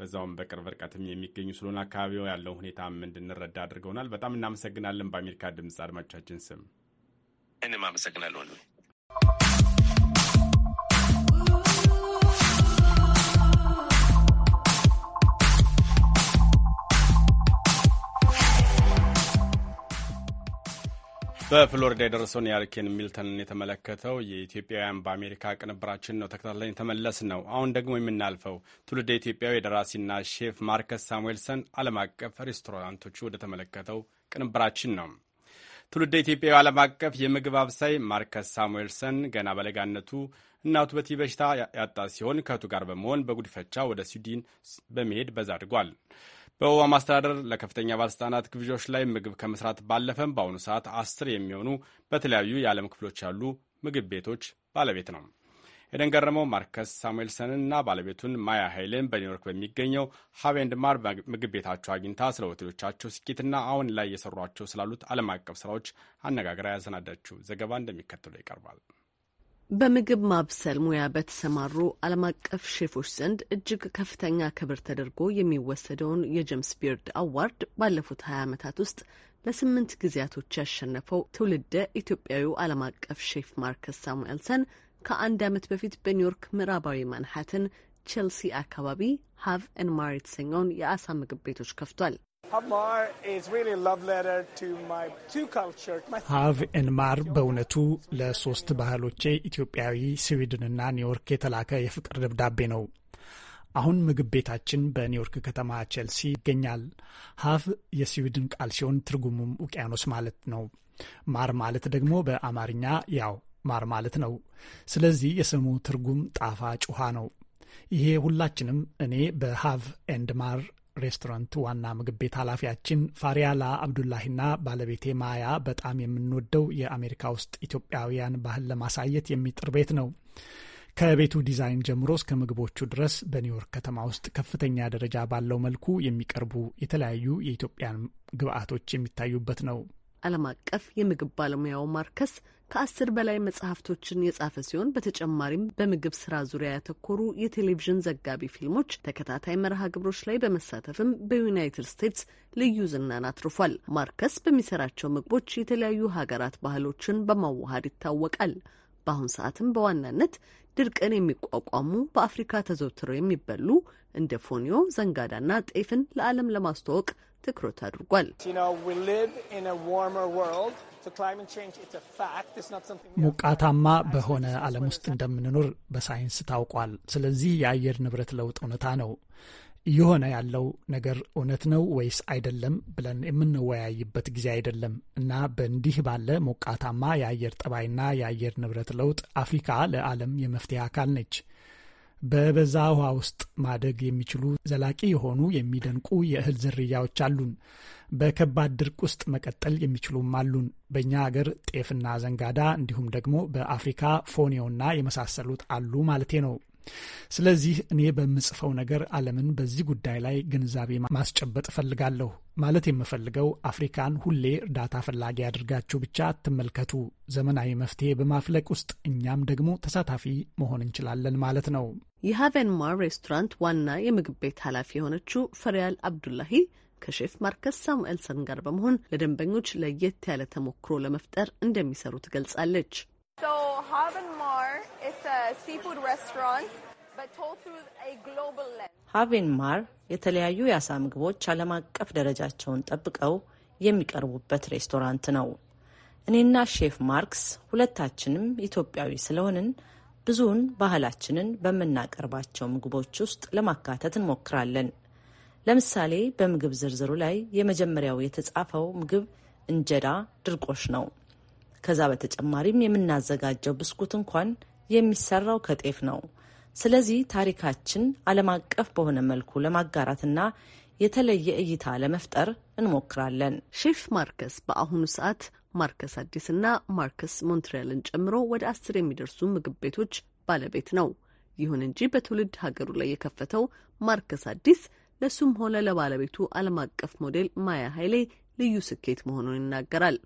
በዛውም በቅርብ ርቀትም የሚገኙ ስለሆነ አካባቢው ያለው ሁኔታም እንድንረዳ አድርገውናል። በጣም እናመሰግናለን። በአሜሪካ ድምፅ አድማጮቻችን ስም እኔም አመሰግናለሁ። በፍሎሪዳ የደረሰውን የሀሪኬን ሚልተንን የተመለከተው የኢትዮጵያውያን በአሜሪካ ቅንብራችን ነው። ተከታትለን የተመለስ ነው። አሁን ደግሞ የምናልፈው ትውልደ ኢትዮጵያዊ የደራሲና ሼፍ ማርከስ ሳሙኤልሰን ዓለም አቀፍ ሬስቶራንቶቹ ወደ ተመለከተው ቅንብራችን ነው። ትውልደ ኢትዮጵያዊ ዓለም አቀፍ የምግብ አብሳይ ማርከስ ሳሙኤልሰን ገና በለጋነቱ እናቱ በቲ በሽታ ያጣ ሲሆን ከእህቱ ጋር በመሆን በጉድፈቻ ወደ ስዊድን በመሄድ በዛ አድጓል። በኦባማ አስተዳደር ለከፍተኛ ባለሥልጣናት ግብዣዎች ላይ ምግብ ከመስራት ባለፈም በአሁኑ ሰዓት አስር የሚሆኑ በተለያዩ የዓለም ክፍሎች ያሉ ምግብ ቤቶች ባለቤት ነው። ኤደን ገረመው ማርከስ ና ባለቤቱን ማያ ኃይልን በኒውዮርክ በሚገኘው ሀቬንድ ማር ምግብ ቤታቸው አግኝታ ስለ ሆቴሎቻቸው ስኬትና አሁን ላይ የሰሯቸው ስላሉት ዓለም አቀፍ ስራዎች አነጋግራ ያሰናዳችው ዘገባ እንደሚከተለው ይቀርባል። በምግብ ማብሰል ሙያ በተሰማሩ ዓለም አቀፍ ሼፎች ዘንድ እጅግ ከፍተኛ ክብር ተደርጎ የሚወሰደውን የጀምስ ቢርድ አዋርድ ባለፉት 20 ዓመታት ውስጥ ለስምንት ጊዜያቶች ያሸነፈው ትውልደ ኢትዮጵያዊው ዓለም አቀፍ ሼፍ ማርከስ ሳሙኤልሰን ከአንድ ዓመት በፊት በኒውዮርክ ምዕራባዊ ማንሃትን ቼልሲ አካባቢ ሀቭ ኤን ማር የተሰኘውን የአሳ ምግብ ቤቶች ከፍቷል። ሀቭ ኤንማር በእውነቱ ለሶስት ባህሎቼ ኢትዮጵያዊ፣ ስዊድንና ኒውዮርክ የተላከ የፍቅር ደብዳቤ ነው። አሁን ምግብ ቤታችን በኒውዮርክ ከተማ ቼልሲ ይገኛል። ሀቭ የስዊድን ቃል ሲሆን ትርጉሙም ውቅያኖስ ማለት ነው። ማር ማለት ደግሞ በአማርኛ ያው ማር ማለት ነው። ስለዚህ የስሙ ትርጉም ጣፋጭ ውሃ ነው። ይሄ ሁላችንም እኔ በሀቭ ኤንድ ማር ሬስቶራንት ዋና ምግብ ቤት ኃላፊያችን ፋሪያላ አብዱላሂና ባለቤቴ ማያ በጣም የምንወደው የአሜሪካ ውስጥ ኢትዮጵያውያን ባህል ለማሳየት የሚጥር ቤት ነው። ከቤቱ ዲዛይን ጀምሮ እስከ ምግቦቹ ድረስ በኒውዮርክ ከተማ ውስጥ ከፍተኛ ደረጃ ባለው መልኩ የሚቀርቡ የተለያዩ የኢትዮጵያን ግብአቶች የሚታዩበት ነው። ዓለም አቀፍ የምግብ ባለሙያው ማርከስ ከአስር በላይ መጽሐፍቶችን የጻፈ ሲሆን በተጨማሪም በምግብ ስራ ዙሪያ ያተኮሩ የቴሌቪዥን ዘጋቢ ፊልሞች፣ ተከታታይ መርሃ ግብሮች ላይ በመሳተፍም በዩናይትድ ስቴትስ ልዩ ዝናን አትርፏል። ማርከስ በሚሰራቸው ምግቦች የተለያዩ ሀገራት ባህሎችን በማዋሃድ ይታወቃል። በአሁን ሰዓትም በዋናነት ድርቅን የሚቋቋሙ በአፍሪካ ተዘውትረው የሚበሉ እንደ ፎኒዮ፣ ዘንጋዳና ጤፍን ለዓለም ለማስተዋወቅ ትኩረት አድርጓል። ሞቃታማ በሆነ ዓለም ውስጥ እንደምንኖር በሳይንስ ታውቋል። ስለዚህ የአየር ንብረት ለውጥ እውነታ ነው። እየሆነ ያለው ነገር እውነት ነው ወይስ አይደለም ብለን የምንወያይበት ጊዜ አይደለም እና በእንዲህ ባለ ሞቃታማ የአየር ጠባይና የአየር ንብረት ለውጥ አፍሪካ ለዓለም የመፍትሄ አካል ነች። በበዛ ውሃ ውስጥ ማደግ የሚችሉ ዘላቂ የሆኑ የሚደንቁ የእህል ዝርያዎች አሉን። በከባድ ድርቅ ውስጥ መቀጠል የሚችሉም አሉን። በእኛ አገር ጤፍና ዘንጋዳ እንዲሁም ደግሞ በአፍሪካ ፎኔውና የመሳሰሉት አሉ ማለቴ ነው። ስለዚህ እኔ በምጽፈው ነገር ዓለምን በዚህ ጉዳይ ላይ ግንዛቤ ማስጨበጥ እፈልጋለሁ። ማለት የምፈልገው አፍሪካን ሁሌ እርዳታ ፈላጊ አድርጋችሁ ብቻ አትመልከቱ። ዘመናዊ መፍትሄ በማፍለቅ ውስጥ እኛም ደግሞ ተሳታፊ መሆን እንችላለን ማለት ነው። የሀቨንማር ሬስቶራንት ዋና የምግብ ቤት ኃላፊ የሆነችው ፈሪያል አብዱላሂ ከሼፍ ማርከስ ሳሙኤልሰን ጋር በመሆን ለደንበኞች ለየት ያለ ተሞክሮ ለመፍጠር እንደሚሰሩ ትገልጻለች። ሃቬን ማር የተለያዩ የአሳ ምግቦች ዓለም አቀፍ ደረጃቸውን ጠብቀው የሚቀርቡበት ሬስቶራንት ነው። እኔና ሼፍ ማርክስ ሁለታችንም ኢትዮጵያዊ ስለሆንን ብዙውን ባህላችንን በምናቀርባቸው ምግቦች ውስጥ ለማካተት እንሞክራለን። ለምሳሌ በምግብ ዝርዝሩ ላይ የመጀመሪያው የተጻፈው ምግብ እንጀራ ድርቆሽ ነው። ከዛ በተጨማሪም የምናዘጋጀው ብስኩት እንኳን የሚሰራው ከጤፍ ነው። ስለዚህ ታሪካችን ዓለም አቀፍ በሆነ መልኩ ለማጋራትና የተለየ እይታ ለመፍጠር እንሞክራለን። ሼፍ ማርከስ በአሁኑ ሰዓት ማርከስ አዲስ እና ማርከስ ሞንትሪያልን ጨምሮ ወደ አስር የሚደርሱ ምግብ ቤቶች ባለቤት ነው። ይሁን እንጂ በትውልድ ሀገሩ ላይ የከፈተው ማርከስ አዲስ ለሱም ሆነ ለባለቤቱ ዓለም አቀፍ ሞዴል ማያ ኃይሌ ልዩ ስኬት መሆኑን ይናገራል።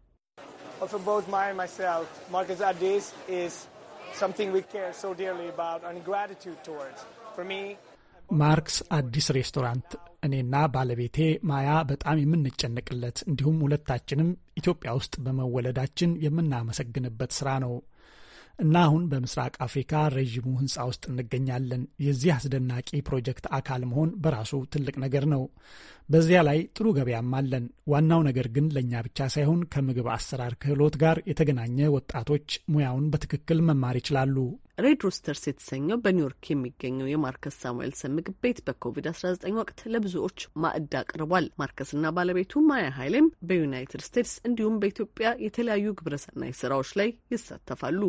ማርክስ አዲስ ሬስቶራንት እኔና ባለቤቴ ማያ በጣም የምንጨነቅለት እንዲሁም ሁለታችንም ኢትዮጵያ ውስጥ በመወለዳችን የምናመሰግንበት ስራ ነው። እና አሁን በምስራቅ አፍሪካ ረዥሙ ህንፃ ውስጥ እንገኛለን። የዚህ አስደናቂ ፕሮጀክት አካል መሆን በራሱ ትልቅ ነገር ነው። በዚያ ላይ ጥሩ ገበያም አለን። ዋናው ነገር ግን ለእኛ ብቻ ሳይሆን ከምግብ አሰራር ክህሎት ጋር የተገናኘ ወጣቶች ሙያውን በትክክል መማር ይችላሉ። ሬድ ሮስተርስ የተሰኘው በኒውዮርክ የሚገኘው የማርከስ ሳሙኤልሰን ምግብ ቤት በኮቪድ-19 ወቅት ለብዙዎች ማዕድ አቅርቧል። ማርከስና ባለቤቱ ማያ ኃይሌም በዩናይትድ ስቴትስ እንዲሁም በኢትዮጵያ የተለያዩ ግብረሰናይ ስራዎች ላይ ይሳተፋሉ።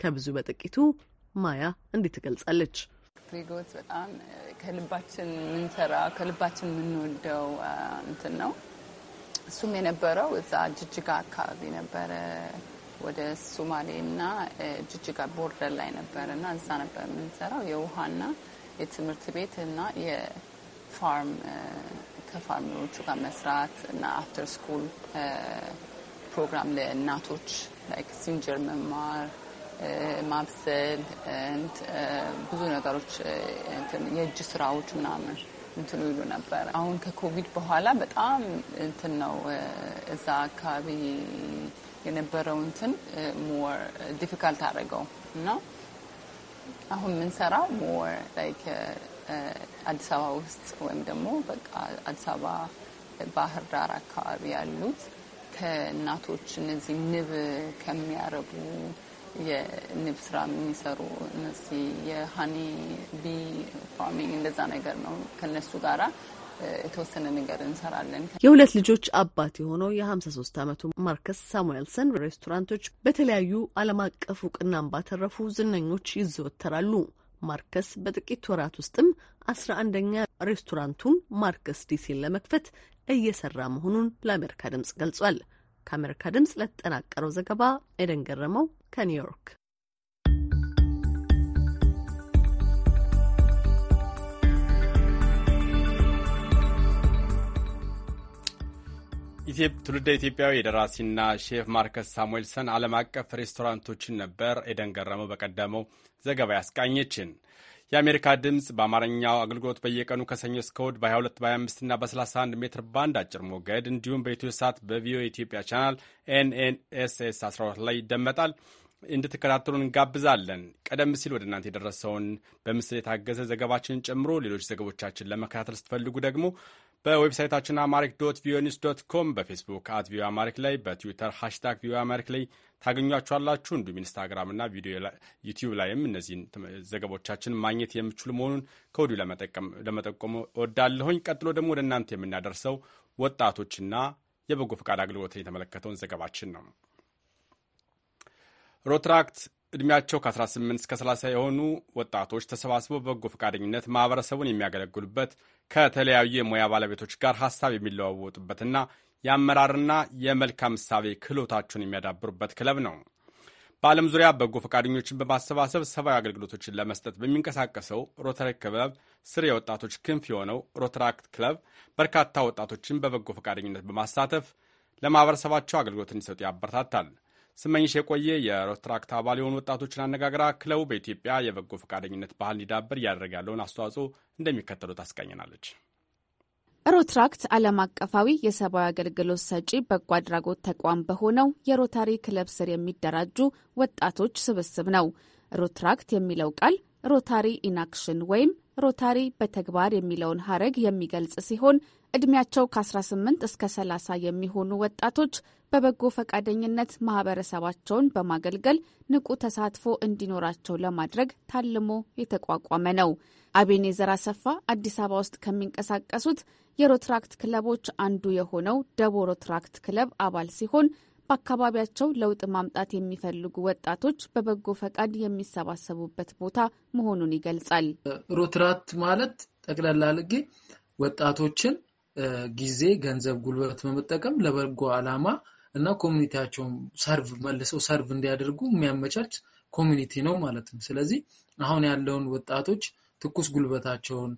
ከብዙ በጥቂቱ ማያ እንዲህ ትገልጻለች። ፍሪጎት በጣም ከልባችን የምንሰራ ከልባችን የምንወደው እንትን ነው። እሱም የነበረው እዛ ጅጅጋ አካባቢ ነበረ። ወደ ሶማሌና ጅጅጋ ቦርደር ላይ ነበረ እና እዛ ነበር የምንሰራው የውሃና የትምህርት ቤት እና የፋርም ከፋርሚዎቹ ጋር መስራት እና አፍተር ስኩል ፕሮግራም ለእናቶች ላይክ ሲንጀር መማር ማብሰል፣ ብዙ ነገሮች የእጅ ስራዎች ምናምን እንትኑ ይሉ ነበረ። አሁን ከኮቪድ በኋላ በጣም እንትን ነው እዛ አካባቢ የነበረው እንትን ሞር ዲፊካልት አደረገው እና አሁን የምንሰራው ሞር ላይክ አዲስ አበባ ውስጥ ወይም ደግሞ በቃ አዲስ አበባ ባህር ዳር አካባቢ ያሉት ከእናቶች እነዚህ ንብ ከሚያረቡ የንብ ስራ የሚሰሩ እነዚህ የሀኒ ቢ ፋርሚንግ እንደዛ ነገር ነው። ከነሱ ጋራ የተወሰነ ነገር እንሰራለን። የሁለት ልጆች አባት የሆነው የሀምሳ ሶስት አመቱ ማርከስ ሳሙኤልሰን ሬስቶራንቶች በተለያዩ ዓለም አቀፍ እውቅናን ባተረፉ ዝነኞች ይዘወተራሉ። ማርከስ በጥቂት ወራት ውስጥም አስራ አንደኛ ሬስቶራንቱን ማርከስ ዲሲን ለመክፈት እየሰራ መሆኑን ለአሜሪካ ድምጽ ገልጿል። ከአሜሪካ ድምጽ ለተጠናቀረው ዘገባ ኤደን ገረመው ከኒውዮርክ ትውልደ ኢትዮጵያዊ የደራሲና ሼፍ ማርከስ ሳሙኤልሰን ዓለም አቀፍ ሬስቶራንቶችን ነበር ኤደን ገረመው በቀደመው ዘገባ ያስቃኘችን። የአሜሪካ ድምፅ በአማርኛው አገልግሎት በየቀኑ ከሰኞ እስከ እሁድ በ22 በ25 እና በ31 ሜትር ባንድ አጭር ሞገድ እንዲሁም በኢትዮ ሳት በቪኦኤ ኢትዮጵያ ቻናል ኤንኤንኤስኤስ 12 ላይ ይደመጣል። እንድትከታተሉን እንጋብዛለን። ቀደም ሲል ወደ እናንተ የደረሰውን በምስል የታገዘ ዘገባችንን ጨምሮ ሌሎች ዘገቦቻችን ለመከታተል ስትፈልጉ ደግሞ በዌብሳይታችን አማሪክ ዶት ቪኦኤ ኒውስ ዶት ኮም በፌስቡክ አት ቪኦኤ አማሪክ ላይ በትዊተር ሃሽታግ ቪኦኤ አማሪክ ላይ ታገኟችኋላችሁ። እንዲሁም ኢንስታግራም ቪዲዮ ዩቲዩብ ላይም እነዚህን ዘገቦቻችን ማግኘት የምችሉ መሆኑን ከወዲሁ ለመጠቆም እወዳለሁኝ። ቀጥሎ ደግሞ ወደ እናንተ የምናደርሰው ወጣቶችና የበጎ ፈቃድ አገልግሎትን የተመለከተውን ዘገባችን ነው። ሮትራክት ዕድሜያቸው ከ18 እስከ 30 የሆኑ ወጣቶች ተሰባስበው በበጎ ፈቃደኝነት ማህበረሰቡን የሚያገለግሉበት ከተለያዩ የሙያ ባለቤቶች ጋር ሀሳብ የሚለዋወጡበትና የአመራርና የመልካም እሳቤ ክህሎታቸውን የሚያዳብሩበት ክለብ ነው። በዓለም ዙሪያ በጎ ፈቃደኞችን በማሰባሰብ ሰብአዊ አገልግሎቶችን ለመስጠት በሚንቀሳቀሰው ሮተራክት ክበብ ስር የወጣቶች ክንፍ የሆነው ሮተራክት ክለብ በርካታ ወጣቶችን በበጎ ፈቃደኝነት በማሳተፍ ለማህበረሰባቸው አገልግሎት እንዲሰጡ ያበረታታል። ስመኝሽ የቆየ የሮትራክት አባል የሆኑ ወጣቶችን አነጋግራ ክለቡ በኢትዮጵያ የበጎ ፈቃደኝነት ባህል እንዲዳብር እያደረገ ያለውን አስተዋጽኦ እንደሚከተሉ ታስቃኘናለች። ሮትራክት ዓለም አቀፋዊ የሰብአዊ አገልግሎት ሰጪ በጎ አድራጎት ተቋም በሆነው የሮታሪ ክለብ ስር የሚደራጁ ወጣቶች ስብስብ ነው። ሮትራክት የሚለው ቃል ሮታሪ ኢን ወይም ሮታሪ በተግባር የሚለውን ሀረግ የሚገልጽ ሲሆን እድሜያቸው ከ18 እስከ 30 የሚሆኑ ወጣቶች በበጎ ፈቃደኝነት ማህበረሰባቸውን በማገልገል ንቁ ተሳትፎ እንዲኖራቸው ለማድረግ ታልሞ የተቋቋመ ነው። አቤኔዘር አሰፋ አዲስ አበባ ውስጥ ከሚንቀሳቀሱት የሮትራክት ክለቦች አንዱ የሆነው ደቦ ሮትራክት ክለብ አባል ሲሆን በአካባቢያቸው ለውጥ ማምጣት የሚፈልጉ ወጣቶች በበጎ ፈቃድ የሚሰባሰቡበት ቦታ መሆኑን ይገልጻል። ሮትራክት ማለት ጠቅላላ ልጌ ወጣቶችን ጊዜ፣ ገንዘብ፣ ጉልበት በመጠቀም ለበጎ አላማ እና ኮሚኒቲያቸውን ሰርቭ መልሰው ሰርቭ እንዲያደርጉ የሚያመቻች ኮሚኒቲ ነው ማለት ነው። ስለዚህ አሁን ያለውን ወጣቶች ትኩስ ጉልበታቸውን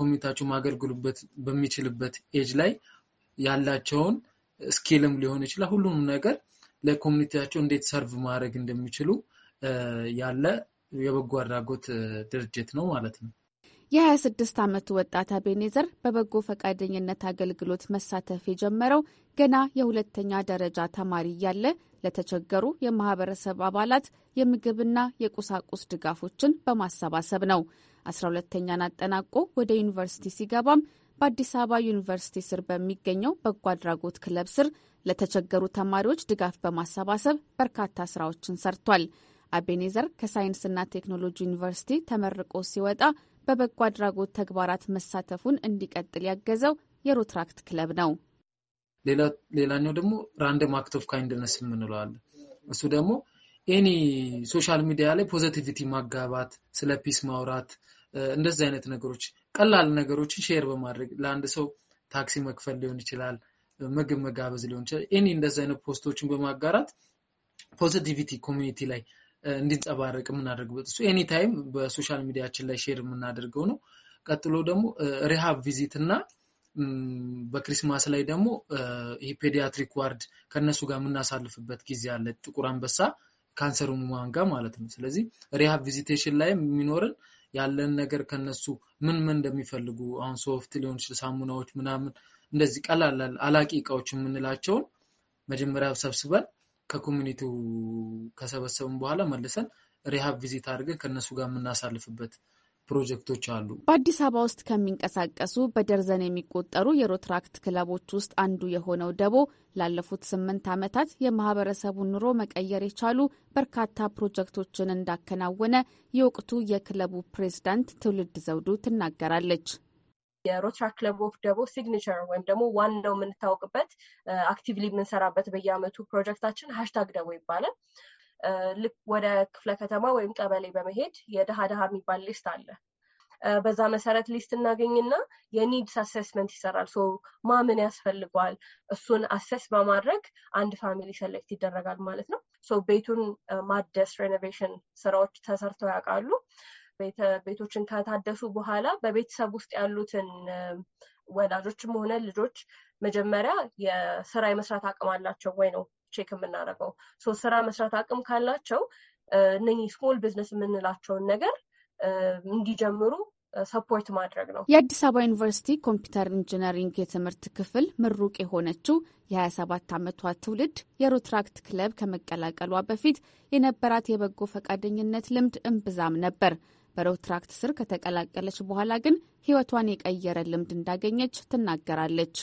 ኮሚኒቲያቸውን ማገልግሉበት በሚችልበት ኤጅ ላይ ያላቸውን ስኪልም ሊሆን ይችላል ሁሉንም ነገር ለኮሚኒቲያቸው እንዴት ሰርቭ ማድረግ እንደሚችሉ ያለ የበጎ አድራጎት ድርጅት ነው ማለት ነው። የ26 ዓመቱ ወጣት አቤኔዘር በበጎ ፈቃደኝነት አገልግሎት መሳተፍ የጀመረው ገና የሁለተኛ ደረጃ ተማሪ እያለ ለተቸገሩ የማህበረሰብ አባላት የምግብና የቁሳቁስ ድጋፎችን በማሰባሰብ ነው። 12ተኛን አጠናቆ ወደ ዩኒቨርሲቲ ሲገባም በአዲስ አበባ ዩኒቨርሲቲ ስር በሚገኘው በጎ አድራጎት ክለብ ስር ለተቸገሩ ተማሪዎች ድጋፍ በማሰባሰብ በርካታ ስራዎችን ሰርቷል። አቤኔዘር ከሳይንስና ቴክኖሎጂ ዩኒቨርሲቲ ተመርቆ ሲወጣ በበጎ አድራጎት ተግባራት መሳተፉን እንዲቀጥል ያገዘው የሮትራክት ክለብ ነው። ሌላኛው ደግሞ ራንደም አክት ኦፍ ካይንድነስ የምንለዋለን። እሱ ደግሞ ኤኒ ሶሻል ሚዲያ ላይ ፖዘቲቪቲ ማጋባት፣ ስለ ፒስ ማውራት፣ እንደዚህ አይነት ነገሮች ቀላል ነገሮችን ሼር በማድረግ ለአንድ ሰው ታክሲ መክፈል ሊሆን ይችላል፣ ምግብ መጋበዝ ሊሆን ይችላል። ኤኒ እንደዚህ አይነት ፖስቶችን በማጋራት ፖዘቲቪቲ ኮሚኒቲ ላይ እንዲንጸባረቅ የምናደርግበት እሱ ኤኒ ታይም በሶሻል ሚዲያችን ላይ ሼር የምናደርገው ነው። ቀጥሎ ደግሞ ሪሃብ ቪዚት እና በክሪስማስ ላይ ደግሞ ይህ ፔዲያትሪክ ዋርድ ከእነሱ ጋር የምናሳልፍበት ጊዜ አለ። ጥቁር አንበሳ ካንሰሩ ማንጋ ማለት ነው። ስለዚህ ሪሃብ ቪዚቴሽን ላይ የሚኖርን ያለን ነገር ከነሱ ምን ምን እንደሚፈልጉ አሁን ሶፍት ሊሆን ይችላል፣ ሳሙናዎች ምናምን እንደዚህ ቀላል አላቂ እቃዎች የምንላቸውን መጀመሪያ ሰብስበን ከኮሚኒቲው ከሰበሰብን በኋላ መልሰን ሪሃብ ቪዚት አድርገን ከእነሱ ጋር የምናሳልፍበት ፕሮጀክቶች አሉ። በአዲስ አበባ ውስጥ ከሚንቀሳቀሱ በደርዘን የሚቆጠሩ የሮትራክት ክለቦች ውስጥ አንዱ የሆነው ደቦ ላለፉት ስምንት ዓመታት የማህበረሰቡን ኑሮ መቀየር የቻሉ በርካታ ፕሮጀክቶችን እንዳከናወነ የወቅቱ የክለቡ ፕሬዝዳንት ትውልድ ዘውዱ ትናገራለች። የሮትራ ክለብ ኦፍ ደቦ ሲግኒቸር ወይም ደግሞ ዋናው የምንታወቅበት አክቲቭሊ የምንሰራበት በየአመቱ ፕሮጀክታችን ሀሽታግ ደቦ ይባላል። ልክ ወደ ክፍለ ከተማ ወይም ቀበሌ በመሄድ የድሃ ድሃ የሚባል ሊስት አለ። በዛ መሰረት ሊስት እናገኝና የኒድስ አሴስመንት ይሰራል። ሶ ማምን ያስፈልገዋል እሱን አሴስ በማድረግ አንድ ፋሚሊ ሰሌክት ይደረጋል ማለት ነው። ሶ ቤቱን ማደስ ሬኖቬሽን ስራዎች ተሰርተው ያውቃሉ። ቤቶችን ከታደሱ በኋላ በቤተሰብ ውስጥ ያሉትን ወላጆችም ሆነ ልጆች መጀመሪያ የስራ የመስራት አቅም አላቸው ወይ ነው ቼክ የምናደርገው። ስራ መስራት አቅም ካላቸው እነኚህ ስሞል ቢዝነስ የምንላቸውን ነገር እንዲጀምሩ ሰፖርት ማድረግ ነው። የአዲስ አበባ ዩኒቨርሲቲ ኮምፒውተር ኢንጂነሪንግ የትምህርት ክፍል ምሩቅ የሆነችው የ27 ዓመቷ ትውልድ የሮትራክት ክለብ ከመቀላቀሏ በፊት የነበራት የበጎ ፈቃደኝነት ልምድ እምብዛም ነበር። በነበረው ትራክት ስር ከተቀላቀለች በኋላ ግን ህይወቷን የቀየረ ልምድ እንዳገኘች ትናገራለች።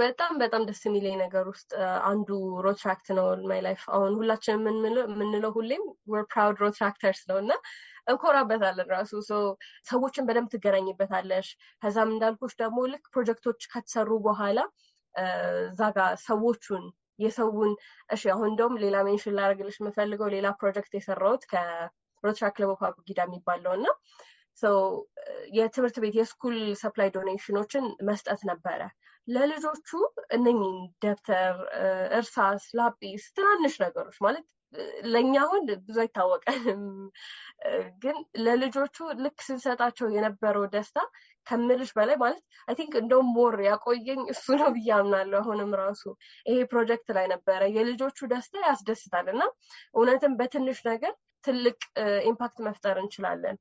በጣም በጣም ደስ የሚለኝ ነገር ውስጥ አንዱ ሮትራክት ነው ማይ ላይፍ። አሁን ሁላችን የምንለው ሁሌም ወር ፕራውድ ሮትራክተርስ ነው እና እንኮራበታለን። ራሱ ሰዎችን በደንብ ትገናኝበታለሽ። ከዛም እንዳልኩሽ ደግሞ ልክ ፕሮጀክቶች ከተሰሩ በኋላ እዛ ጋ ሰዎቹን የሰውን እሺ፣ አሁን እንደውም ሌላ ሜንሽን ላደርግልሽ የምፈልገው ሌላ ፕሮጀክት የሰራሁት ሮትራ ክለብ ኦፍ አቡጊዳ የሚባለው እና የትምህርት ቤት የስኩል ሰፕላይ ዶኔሽኖችን መስጠት ነበረ። ለልጆቹ እነኚህ ደብተር፣ እርሳስ፣ ላጲስ ትናንሽ ነገሮች ማለት ለእኛ አሁን ብዙ አይታወቀንም፣ ግን ለልጆቹ ልክ ስንሰጣቸው የነበረው ደስታ ከምልሽ በላይ ማለት አይ ቲንክ እንደውም ሞር ያቆየኝ እሱ ነው ብዬ አምናለሁ። አሁንም ራሱ ይሄ ፕሮጀክት ላይ ነበረ የልጆቹ ደስታ ያስደስታል እና እውነትም በትንሽ ነገር ትልቅ ኢምፓክት መፍጠር እንችላለን።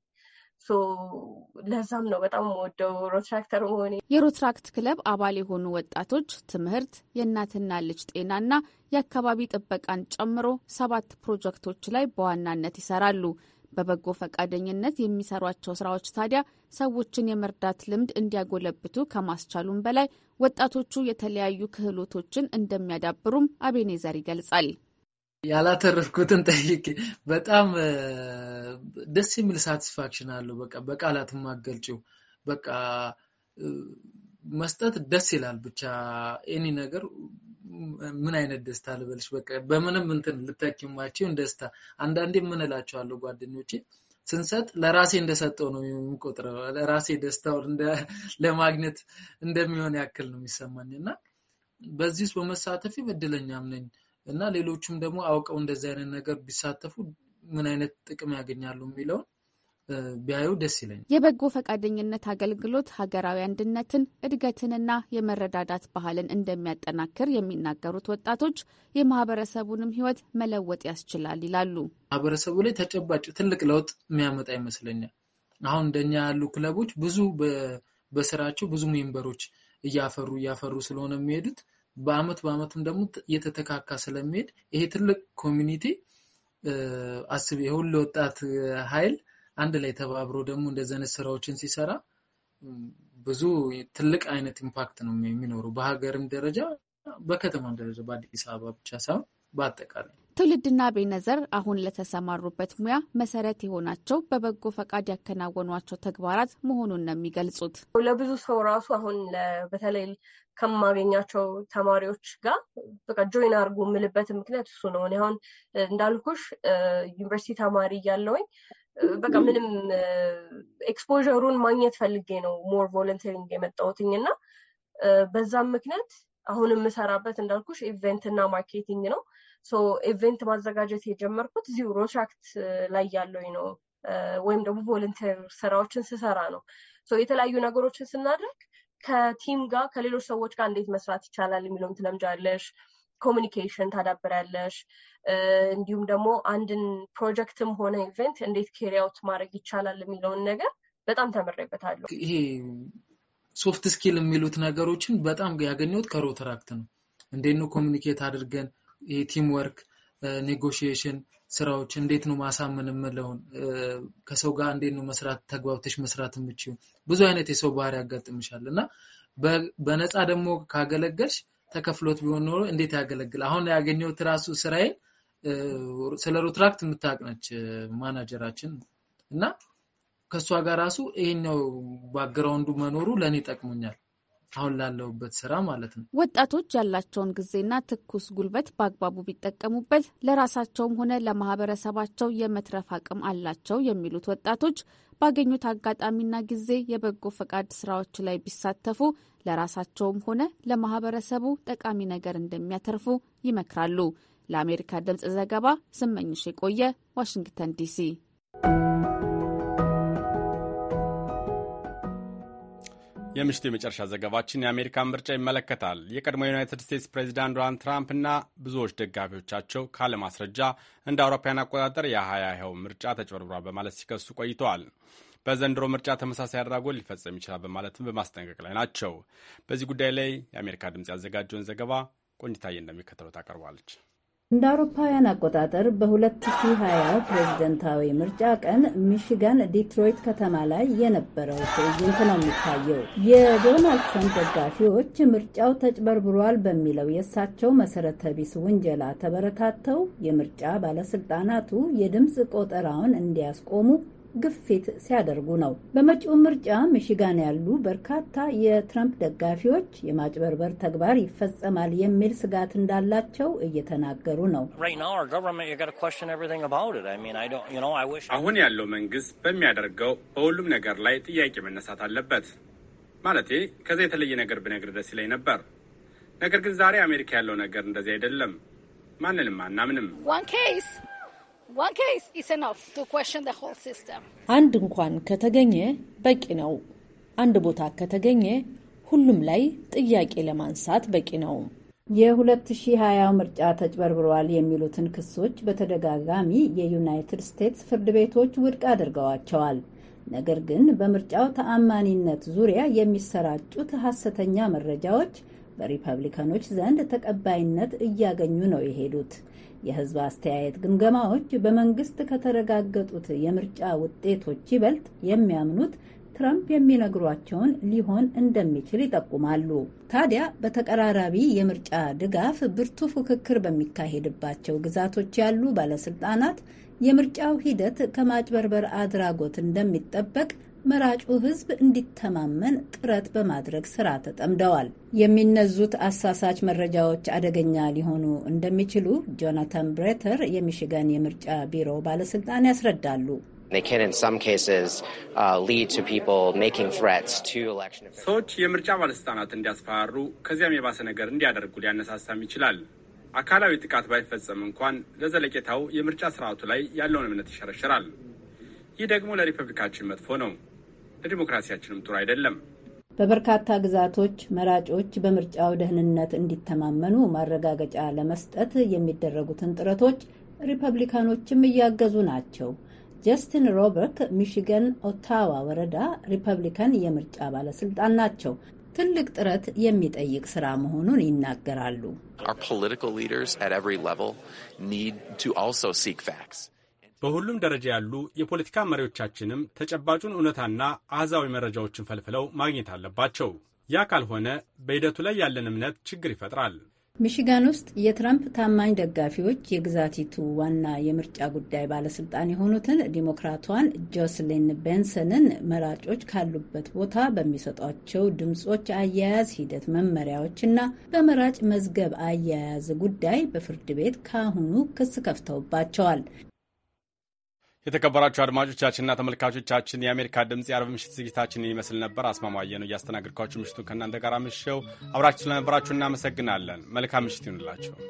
ለዛም ነው በጣም ወደው ሮትራክተር መሆኔ። የሮትራክት ክለብ አባል የሆኑ ወጣቶች ትምህርት፣ የእናትና ልጅ ጤናና የአካባቢ ጥበቃን ጨምሮ ሰባት ፕሮጀክቶች ላይ በዋናነት ይሰራሉ። በበጎ ፈቃደኝነት የሚሰሯቸው ስራዎች ታዲያ ሰዎችን የመርዳት ልምድ እንዲያጎለብቱ ከማስቻሉም በላይ ወጣቶቹ የተለያዩ ክህሎቶችን እንደሚያዳብሩም አቤኔዘር ይገልጻል። ያላተረፍኩትን ጠይቄ በጣም ደስ የሚል ሳቲስፋክሽን አለው። በቃ በቃላት ማገልጭው በቃ መስጠት ደስ ይላል። ብቻ ኤኒ ነገር ምን አይነት ደስታ ልበልሽ፣ በቃ በምንም እንትን ልተኪማቸውን ደስታ አንዳንዴ የምንላቸዋለሁ ጓደኞቼ ስንሰጥ ለራሴ እንደሰጠው ነው የምቆጥረው። ለራሴ ደስታው <laughs> ለማግኘት እንደሚሆን ያክል ነው የሚሰማኝ እና በዚህ ውስጥ በመሳተፊ እድለኛም ነኝ። እና ሌሎችም ደግሞ አውቀው እንደዚህ አይነት ነገር ቢሳተፉ ምን አይነት ጥቅም ያገኛሉ የሚለውን ቢያዩ ደስ ይለኛል። የበጎ ፈቃደኝነት አገልግሎት ሀገራዊ አንድነትን፣ እድገትንና የመረዳዳት ባህልን እንደሚያጠናክር የሚናገሩት ወጣቶች የማህበረሰቡንም ሕይወት መለወጥ ያስችላል ይላሉ። ማህበረሰቡ ላይ ተጨባጭ ትልቅ ለውጥ የሚያመጣ ይመስለኛል። አሁን እንደኛ ያሉ ክለቦች ብዙ በስራቸው ብዙ ሜምበሮች እያፈሩ እያፈሩ ስለሆነ የሚሄዱት በአመት በአመትም ደግሞ እየተተካካ ስለሚሄድ ይሄ ትልቅ ኮሚኒቲ አስብ የሁሉ ወጣት ኃይል አንድ ላይ ተባብሮ ደግሞ እንደዚህ አይነት ስራዎችን ሲሰራ ብዙ ትልቅ አይነት ኢምፓክት ነው የሚኖሩ በሀገርም ደረጃ በከተማም ደረጃ በአዲስ አበባ ብቻ ሳይሆን በአጠቃላይ ትውልድና ቤነዘር አሁን ለተሰማሩበት ሙያ መሰረት የሆናቸው በበጎ ፈቃድ ያከናወኗቸው ተግባራት መሆኑን ነው የሚገልጹት። ለብዙ ሰው ራሱ አሁን በተለይ ከማገኛቸው ተማሪዎች ጋር በቃ ጆይን አድርጎ የምልበት ምክንያት እሱ ነው። እኔ አሁን እንዳልኩሽ ዩኒቨርሲቲ ተማሪ እያለውኝ በቃ ምንም ኤክስፖሩን ማግኘት ፈልጌ ነው ሞር ቮለንተሪንግ የመጣሁትኝ እና በዛም ምክንያት አሁን የምሰራበት እንዳልኩሽ ኢቨንት እና ማርኬቲንግ ነው። ኢቨንት ማዘጋጀት የጀመርኩት እዚሁ ሮሻክት ላይ ያለውኝ ነው ወይም ደግሞ ቮለንተር ስራዎችን ስሰራ ነው። የተለያዩ ነገሮችን ስናደርግ ከቲም ጋር ከሌሎች ሰዎች ጋር እንዴት መስራት ይቻላል የሚለውን ትለምጃለሽ። ኮሚኒኬሽን ታዳብራለሽ። እንዲሁም ደግሞ አንድን ፕሮጀክትም ሆነ ኢቨንት እንዴት ኬሪያውት ማድረግ ይቻላል የሚለውን ነገር በጣም ተምሬበታለሁ። ይሄ ሶፍት ስኪል የሚሉት ነገሮችን በጣም ያገኘሁት ከሮተራክት ነው። እንዴት ነው ኮሚኒኬት አድርገን ይሄ ቲም ወርክ፣ ስራዎች እንዴት ነው ማሳመን የምለውን ከሰው ጋር እንዴት ነው መስራት ተግባብተሽ መስራት የምችው ብዙ አይነት የሰው ባህሪ ያጋጥምሻል እና በነፃ ደግሞ ካገለገልሽ ተከፍሎት ቢሆን ኖሮ እንዴት ያገለግል አሁን ያገኘሁት ራሱ ስራዬን ስለ ሮትራክት የምታቅነች ማናጀራችን እና ከእሷ ጋር ራሱ ይሄኛው ባግራውንዱ መኖሩ ለእኔ ጠቅሞኛል አሁን ላለሁበት ስራ ማለት ነው። ወጣቶች ያላቸውን ጊዜና ትኩስ ጉልበት በአግባቡ ቢጠቀሙበት ለራሳቸውም ሆነ ለማህበረሰባቸው የመትረፍ አቅም አላቸው የሚሉት ወጣቶች ባገኙት አጋጣሚና ጊዜ የበጎ ፈቃድ ስራዎች ላይ ቢሳተፉ ለራሳቸውም ሆነ ለማህበረሰቡ ጠቃሚ ነገር እንደሚያተርፉ ይመክራሉ። ለአሜሪካ ድምፅ ዘገባ ስመኝሽ የቆየ ዋሽንግተን ዲሲ። የምሽቱ የመጨረሻ ዘገባችን የአሜሪካን ምርጫ ይመለከታል። የቀድሞ ዩናይትድ ስቴትስ ፕሬዚዳንት ዶናልድ ትራምፕ እና ብዙዎች ደጋፊዎቻቸው ማስረጃ እንደ አውሮፓውያን አቆጣጠር የሀያው ምርጫ ተጭበርብሯል በማለት ሲከሱ ቆይተዋል። በዘንድሮ ምርጫ ተመሳሳይ አድራጎ ሊፈጸም ይችላል በማለትም በማስጠንቀቅ ላይ ናቸው። በዚህ ጉዳይ ላይ የአሜሪካ ድምፅ ያዘጋጀውን ዘገባ ቆንጅታዬ እንደሚከተለው ታቀርባለች። እንደ አውሮፓውያን አቆጣጠር በ2020 ፕሬዝደንታዊ ምርጫ ቀን ሚሽጋን ዲትሮይት ከተማ ላይ የነበረው ትዕይንት ነው የሚታየው። የዶናልድ ትራምፕ ደጋፊዎች ምርጫው ተጭበርብሯል በሚለው የእሳቸው መሰረተ ቢስ ውንጀላ ተበረታተው የምርጫ ባለስልጣናቱ የድምፅ ቆጠራውን እንዲያስቆሙ ግፊት ሲያደርጉ ነው። በመጪው ምርጫ ሚሽጋን ያሉ በርካታ የትራምፕ ደጋፊዎች የማጭበርበር ተግባር ይፈጸማል የሚል ስጋት እንዳላቸው እየተናገሩ ነው። አሁን ያለው መንግስት በሚያደርገው በሁሉም ነገር ላይ ጥያቄ መነሳት አለበት። ማለቴ ከዚያ የተለየ ነገር ብነግር ደስ ይለኝ ነበር። ነገር ግን ዛሬ አሜሪካ ያለው ነገር እንደዚህ አይደለም። ማንንም አናምንም። አንድ እንኳን ከተገኘ በቂ ነው። አንድ ቦታ ከተገኘ ሁሉም ላይ ጥያቄ ለማንሳት በቂ ነው። የ2020 ምርጫ ተጭበርብሯል የሚሉትን ክሶች በተደጋጋሚ የዩናይትድ ስቴትስ ፍርድ ቤቶች ውድቅ አድርገዋቸዋል። ነገር ግን በምርጫው ተአማኒነት ዙሪያ የሚሰራጩት ሐሰተኛ መረጃዎች በሪፐብሊካኖች ዘንድ ተቀባይነት እያገኙ ነው የሄዱት። የህዝብ አስተያየት ግምገማዎች በመንግስት ከተረጋገጡት የምርጫ ውጤቶች ይበልጥ የሚያምኑት ትራምፕ የሚነግሯቸውን ሊሆን እንደሚችል ይጠቁማሉ። ታዲያ በተቀራራቢ የምርጫ ድጋፍ ብርቱ ፉክክር በሚካሄድባቸው ግዛቶች ያሉ ባለስልጣናት የምርጫው ሂደት ከማጭበርበር አድራጎት እንደሚጠበቅ መራጩ ህዝብ እንዲተማመን ጥረት በማድረግ ስራ ተጠምደዋል። የሚነዙት አሳሳች መረጃዎች አደገኛ ሊሆኑ እንደሚችሉ ጆናታን ብሬተር የሚሽገን የምርጫ ቢሮ ባለስልጣን ያስረዳሉ። uh, ሰዎች የምርጫ ባለስልጣናት እንዲያስፈራሩ ከዚያም የባሰ ነገር እንዲያደርጉ ሊያነሳሳም ይችላል። አካላዊ ጥቃት ባይፈጸም እንኳን ለዘለቄታው የምርጫ ስርዓቱ ላይ ያለውን እምነት ይሸረሽራል። ይህ ደግሞ ለሪፐብሊካችን መጥፎ ነው። ለዲሞክራሲያችንም ጥሩ አይደለም። በበርካታ ግዛቶች መራጮች በምርጫው ደህንነት እንዲተማመኑ ማረጋገጫ ለመስጠት የሚደረጉትን ጥረቶች ሪፐብሊካኖችም እያገዙ ናቸው። ጀስቲን ሮበርክ ሚሽገን ኦታዋ ወረዳ ሪፐብሊካን የምርጫ ባለስልጣን ናቸው። ትልቅ ጥረት የሚጠይቅ ስራ መሆኑን ይናገራሉ። በሁሉም ደረጃ ያሉ የፖለቲካ መሪዎቻችንም ተጨባጩን እውነታና አህዛዊ መረጃዎችን ፈልፍለው ማግኘት አለባቸው። ያ ካልሆነ በሂደቱ ላይ ያለን እምነት ችግር ይፈጥራል። ሚሽጋን ውስጥ የትራምፕ ታማኝ ደጋፊዎች የግዛቲቱ ዋና የምርጫ ጉዳይ ባለስልጣን የሆኑትን ዲሞክራቷን ጆስሊን ቤንሰንን መራጮች ካሉበት ቦታ በሚሰጧቸው ድምፆች አያያዝ ሂደት መመሪያዎችና በመራጭ መዝገብ አያያዝ ጉዳይ በፍርድ ቤት ከአሁኑ ክስ ከፍተውባቸዋል። የተከበራችሁ አድማጮቻችንና ተመልካቾቻችን የአሜሪካ ድምፅ የአርብ ምሽት ዝግጅታችንን ይመስል ነበር። አስማማየ ነው እያስተናገድኳችሁ ምሽቱን ከእናንተ ጋር ምሸው። አብራችሁ ስለነበራችሁ እናመሰግናለን። መልካም ምሽት ይሁንላቸው።